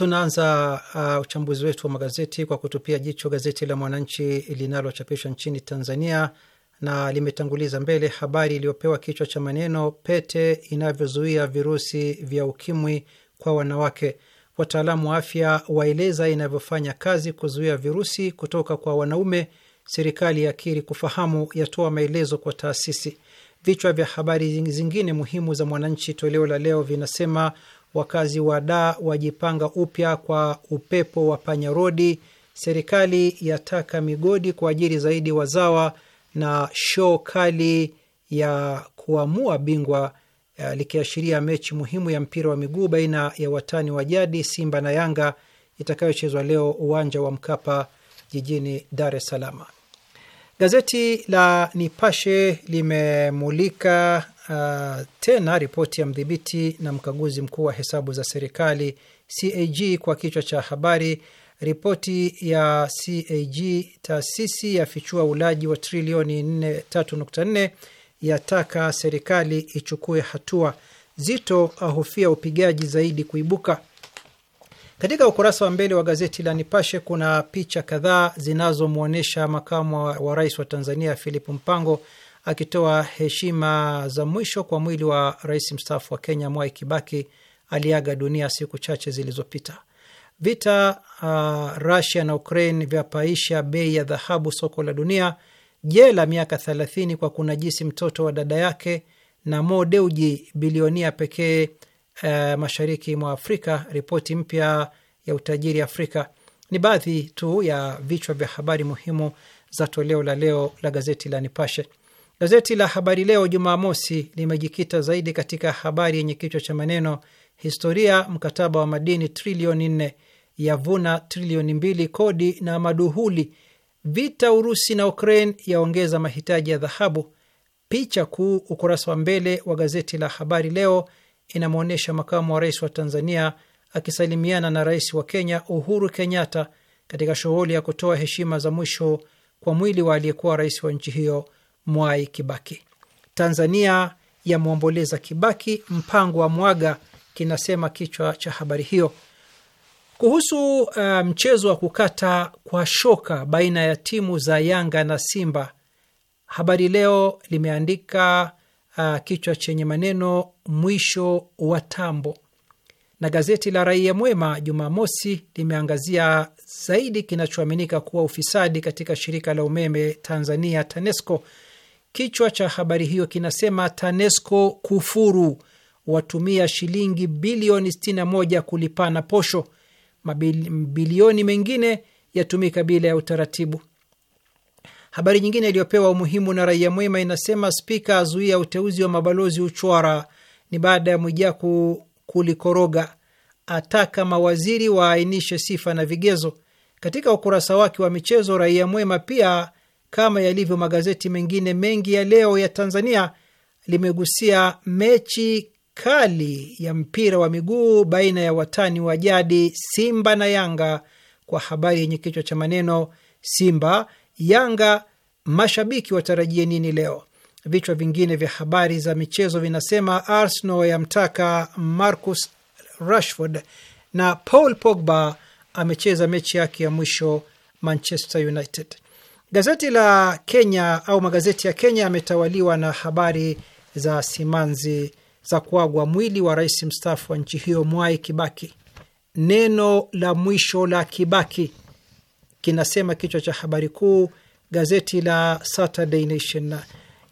Tunaanza uh, uchambuzi wetu wa magazeti kwa kutupia jicho gazeti la Mwananchi linalochapishwa nchini Tanzania, na limetanguliza mbele habari iliyopewa kichwa cha maneno pete inavyozuia virusi vya ukimwi kwa wanawake. Wataalamu wa afya waeleza inavyofanya kazi kuzuia virusi kutoka kwa wanaume. Serikali yakiri kufahamu, yatoa maelezo kwa taasisi. Vichwa vya habari zingine muhimu za Mwananchi toleo la leo vinasema: wakazi wa da wajipanga upya kwa upepo wa panyarodi, serikali yataka migodi ajili zaidi wazawa, na shoo kali ya kuamua bingwa eh, likiashiria mechi muhimu ya mpira wa miguu baina ya watani wa jadi Simba na Yanga itakayochezwa leo uwanja wa Mkapa jijini Dar es Salaam. Gazeti la Nipashe limemulika uh, tena ripoti ya mdhibiti na mkaguzi mkuu wa hesabu za serikali CAG kwa kichwa cha habari Ripoti ya CAG taasisi yafichua ulaji wa trilioni 434 yataka serikali ichukue hatua. Zito ahofia upigaji zaidi kuibuka. Katika ukurasa wa mbele wa gazeti la Nipashe kuna picha kadhaa zinazomwonyesha makamu wa rais wa Tanzania Philip Mpango akitoa heshima za mwisho kwa mwili wa rais mstaafu wa Kenya Mwai Kibaki aliaga dunia siku chache zilizopita. Vita uh, Rusia na Ukraine vyapaisha bei ya dhahabu soko la dunia. Jela miaka 30 kwa kunajisi mtoto wa dada yake, na Mo Deuji bilionia pekee uh, mashariki mwa Afrika. Ripoti mpya ya utajiri Afrika ni baadhi tu ya vichwa vya habari muhimu za toleo la leo la gazeti la Nipashe. Gazeti la Habari Leo Jumamosi limejikita zaidi katika habari yenye kichwa cha maneno historia mkataba wa madini trilioni nne yavuna trilioni mbili kodi na maduhuli, vita Urusi na Ukraine yaongeza mahitaji ya dhahabu. Picha kuu ukurasa wa mbele wa gazeti la Habari Leo inamwonyesha makamu wa rais wa Tanzania akisalimiana na rais wa Kenya Uhuru Kenyatta katika shughuli ya kutoa heshima za mwisho kwa mwili wa aliyekuwa rais wa nchi hiyo Mwai Kibaki. Tanzania yamwomboleza Kibaki, mpango wa mwaga kinasema kichwa cha habari hiyo. Kuhusu uh, mchezo wa kukata kwa shoka baina ya timu za Yanga na Simba, Habari Leo limeandika uh, kichwa chenye maneno mwisho wa tambo, na gazeti la Raia Mwema Jumamosi limeangazia zaidi kinachoaminika kuwa ufisadi katika shirika la umeme Tanzania TANESCO Kichwa cha habari hiyo kinasema TANESCO kufuru, watumia shilingi bilioni 61 kulipana posho, mabilioni mengine yatumika bila ya utaratibu. Habari nyingine iliyopewa umuhimu na Raia Mwema inasema spika azuia uteuzi wa mabalozi uchwara, ni baada ya Mwijaku kulikoroga, ataka mawaziri waainishe sifa na vigezo. Katika ukurasa wake wa michezo, Raia Mwema pia kama yalivyo magazeti mengine mengi ya leo ya Tanzania, limegusia mechi kali ya mpira wa miguu baina ya watani wa jadi Simba na Yanga kwa habari yenye kichwa cha maneno Simba Yanga, mashabiki watarajie nini leo? Vichwa vingine vya habari za michezo vinasema Arsenal yamtaka Marcus Rashford na Paul Pogba amecheza mechi yake ya mwisho Manchester United. Gazeti la Kenya au magazeti ya Kenya yametawaliwa na habari za simanzi za kuagwa mwili wa rais mstaafu wa nchi hiyo Mwai Kibaki. Neno la mwisho la Kibaki kinasema kichwa cha habari kuu gazeti la Saturday Nation.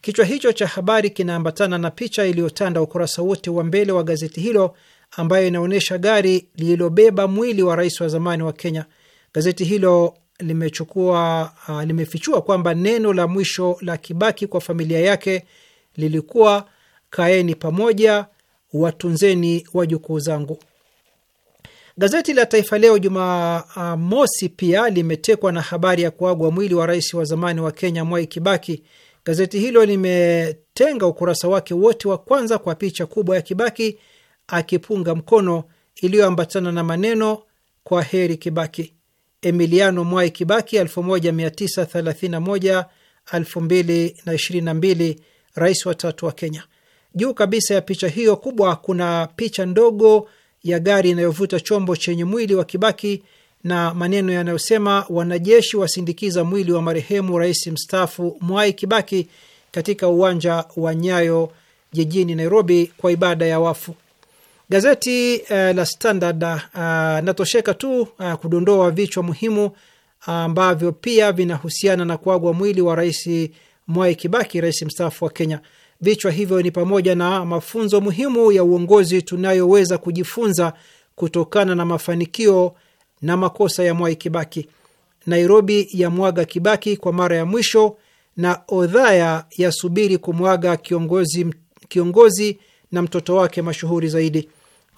Kichwa hicho cha habari kinaambatana na picha iliyotanda ukurasa wote wa mbele wa gazeti hilo ambayo inaonyesha gari lililobeba mwili wa rais wa zamani wa Kenya. Gazeti hilo limechukua uh, limefichua kwamba neno la mwisho la Kibaki kwa familia yake lilikuwa kaeni pamoja, watunzeni wajukuu zangu. Gazeti la Taifa Leo Jumamosi uh, pia limetekwa na habari ya kuagwa mwili wa rais wa zamani wa Kenya Mwai Kibaki. Gazeti hilo limetenga ukurasa wake wote wa kwanza kwa picha kubwa ya Kibaki akipunga mkono iliyoambatana na maneno kwa heri Kibaki. Emiliano Mwai Kibaki 1931 2022, rais wa tatu wa Kenya. Juu kabisa ya picha hiyo kubwa kuna picha ndogo ya gari inayovuta chombo chenye mwili wa Kibaki na maneno yanayosema wanajeshi wasindikiza mwili wa marehemu rais mstaafu Mwai Kibaki katika uwanja wa Nyayo jijini Nairobi kwa ibada ya wafu. Gazeti uh, la Standard uh, natosheka tu uh, kudondoa vichwa muhimu ambavyo uh, pia vinahusiana na kuagwa mwili wa Rais Mwai Kibaki, rais mstaafu wa Kenya. Vichwa hivyo ni pamoja na mafunzo muhimu ya uongozi tunayoweza kujifunza kutokana na mafanikio na makosa ya Mwai Kibaki, Nairobi ya mwaga Kibaki kwa mara ya mwisho, na Odhaya yasubiri kumwaga kiongozi, kiongozi na mtoto wake mashuhuri zaidi.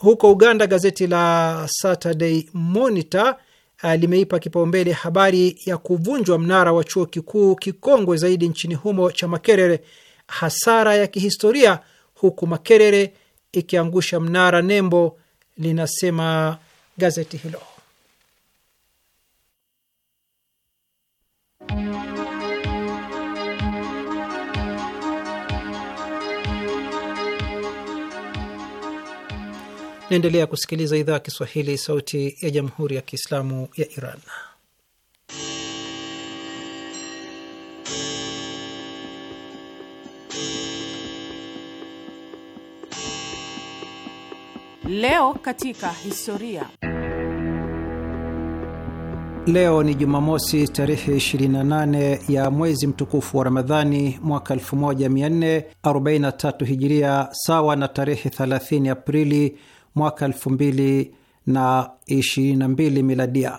Huko Uganda, gazeti la Saturday Monitor uh, limeipa kipaumbele habari ya kuvunjwa mnara wa chuo kikuu kikongwe zaidi nchini humo cha Makerere, hasara ya kihistoria, huku Makerere ikiangusha mnara nembo, linasema gazeti hilo. Naendelea kusikiliza idhaa ya Kiswahili, sauti ya jamhuri ya kiislamu ya Iran. Leo katika historia. Leo ni Jumamosi tarehe 28 ya mwezi mtukufu wa Ramadhani mwaka 1443 Hijiria, sawa na tarehe 30 Aprili mwaka 2022 miladia.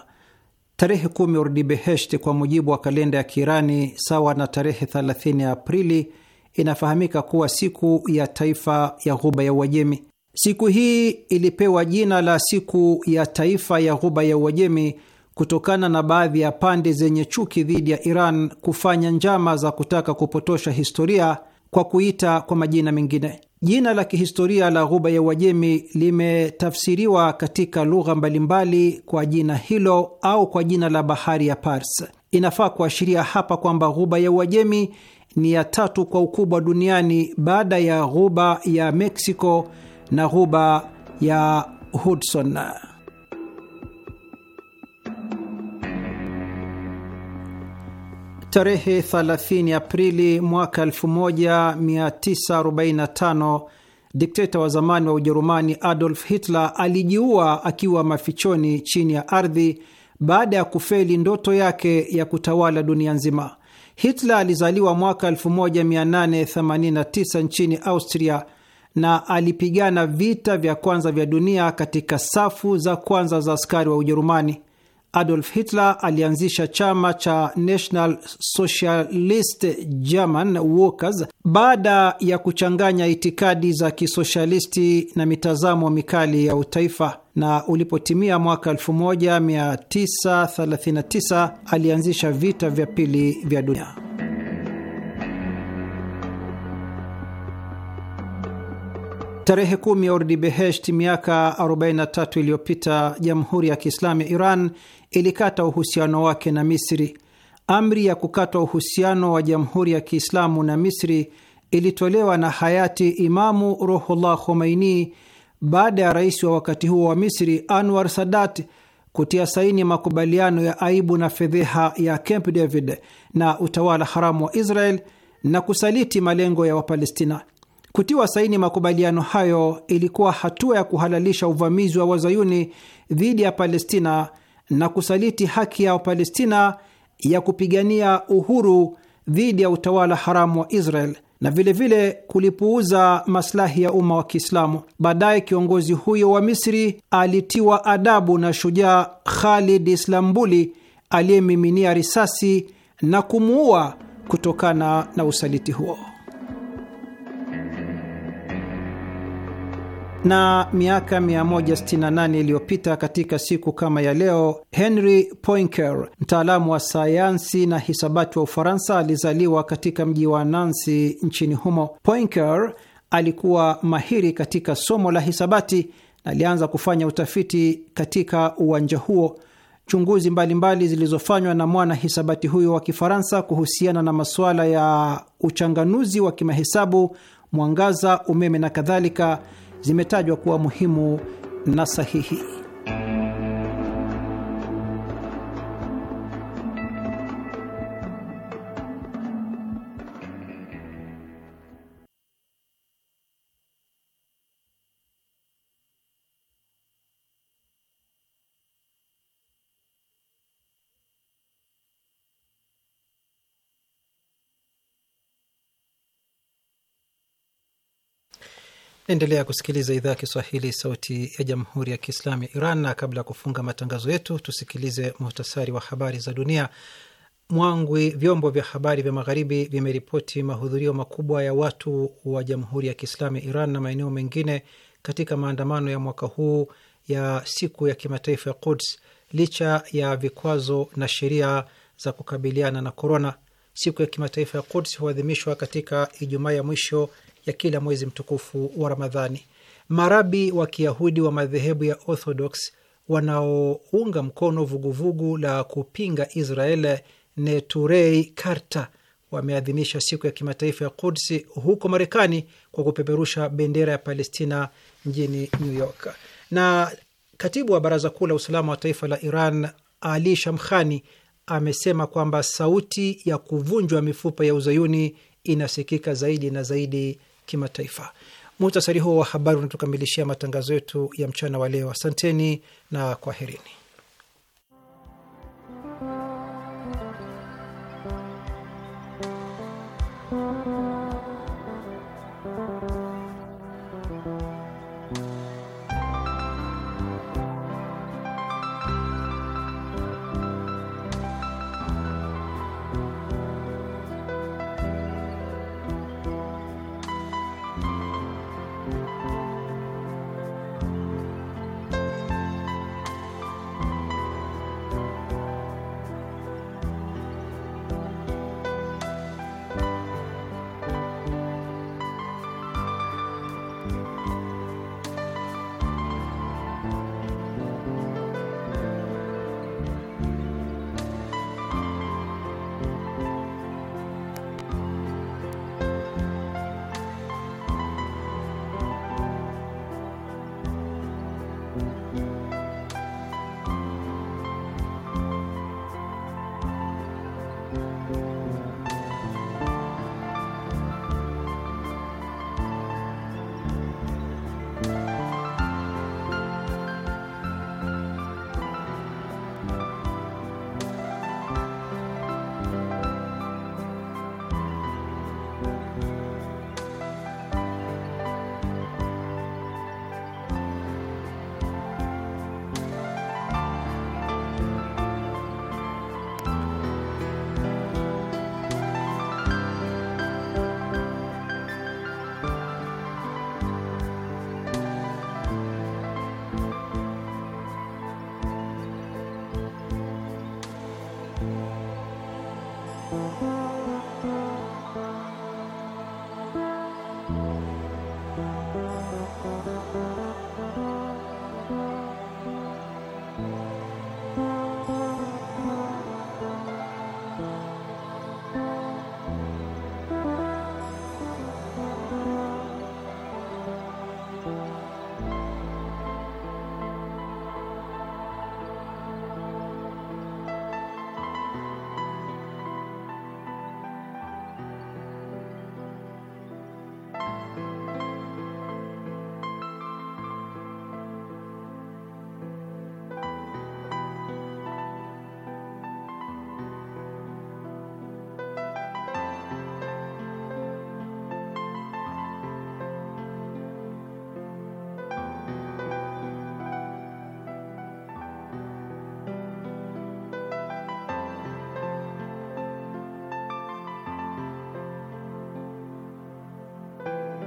Tarehe kumi Ordibehesht kwa mujibu wa kalenda ya Kiirani sawa na tarehe 30 Aprili inafahamika kuwa siku ya taifa ya ghuba ya Uajemi. Siku hii ilipewa jina la siku ya taifa ya ghuba ya Uajemi kutokana na baadhi ya pande zenye chuki dhidi ya Iran kufanya njama za kutaka kupotosha historia kwa kuita kwa majina mengine. Jina la kihistoria la ghuba ya Uajemi limetafsiriwa katika lugha mbalimbali kwa jina hilo au kwa jina la bahari ya Pars. Inafaa kuashiria hapa kwamba ghuba ya Uajemi ni ya tatu kwa ukubwa duniani baada ya ghuba ya Meksiko na ghuba ya Hudson. tarehe 30 Aprili mwaka 1945 dikteta wa zamani wa Ujerumani Adolf Hitler alijiua akiwa mafichoni chini ya ardhi baada ya kufeli ndoto yake ya kutawala dunia nzima. Hitler alizaliwa mwaka 1889 nchini Austria na alipigana vita vya kwanza vya dunia katika safu za kwanza za askari wa Ujerumani. Adolf Hitler alianzisha chama cha National Socialist German Workers baada ya kuchanganya itikadi za kisoshalisti na mitazamo mikali ya utaifa, na ulipotimia mwaka 1939 alianzisha vita vya pili vya dunia. Tarehe kumi ya Ordibehesht miaka 43 iliyopita Jamhuri ya Kiislamu ya Iran ilikata uhusiano wake na Misri. Amri ya kukatwa uhusiano wa Jamhuri ya Kiislamu na Misri ilitolewa na hayati Imamu Ruhullah Khomeini baada ya rais wa wakati huo wa Misri Anwar Sadat kutia saini makubaliano ya aibu na fedheha ya Camp David na utawala haramu wa Israel na kusaliti malengo ya Wapalestina. Kutiwa saini makubaliano hayo ilikuwa hatua ya kuhalalisha uvamizi wa wazayuni dhidi ya Palestina na kusaliti haki ya Wapalestina ya kupigania uhuru dhidi ya utawala haramu wa Israel na vilevile vile kulipuuza maslahi ya umma wa Kiislamu. Baadaye kiongozi huyo wa Misri alitiwa adabu na shujaa Khalid Islambuli aliyemiminia risasi na kumuua kutokana na usaliti huo. na miaka 168 iliyopita katika siku kama ya leo, Henry Poincar, mtaalamu wa sayansi na hisabati wa Ufaransa, alizaliwa katika mji wa Nancy nchini humo. Poincar alikuwa mahiri katika somo la hisabati na alianza kufanya utafiti katika uwanja huo. Chunguzi mbalimbali zilizofanywa na mwana hisabati huyo wa Kifaransa kuhusiana na masuala ya uchanganuzi wa kimahesabu, mwangaza, umeme na kadhalika zimetajwa kuwa muhimu na sahihi. Endelea kusikiliza idhaa ya Kiswahili, sauti ya jamhuri ya kiislamu ya Iran. Na kabla ya kufunga matangazo yetu, tusikilize muhtasari wa habari za dunia. Mwangwi, vyombo vya habari vya magharibi vimeripoti mahudhurio makubwa ya watu wa jamhuri ya kiislamu ya Iran na maeneo mengine katika maandamano ya mwaka huu ya siku ya kimataifa ya Quds licha ya vikwazo na sheria za kukabiliana na korona. Siku ya kimataifa ya Quds huadhimishwa katika Ijumaa ya mwisho ya kila mwezi mtukufu wa Ramadhani. Marabi wa Kiyahudi wa madhehebu ya Orthodox wanaounga mkono vuguvugu vugu la kupinga Israel Neturei Karta wameadhimisha siku ya kimataifa ya Kudsi huko Marekani kwa kupeperusha bendera ya Palestina mjini New York. Na katibu wa baraza kuu la usalama wa taifa la Iran Ali Shamkhani amesema kwamba sauti ya kuvunjwa mifupa ya uzayuni inasikika zaidi na zaidi kimataifa. Muhtasari huo wa habari unatukamilishia matangazo yetu ya mchana wa leo. Asanteni na kwaherini.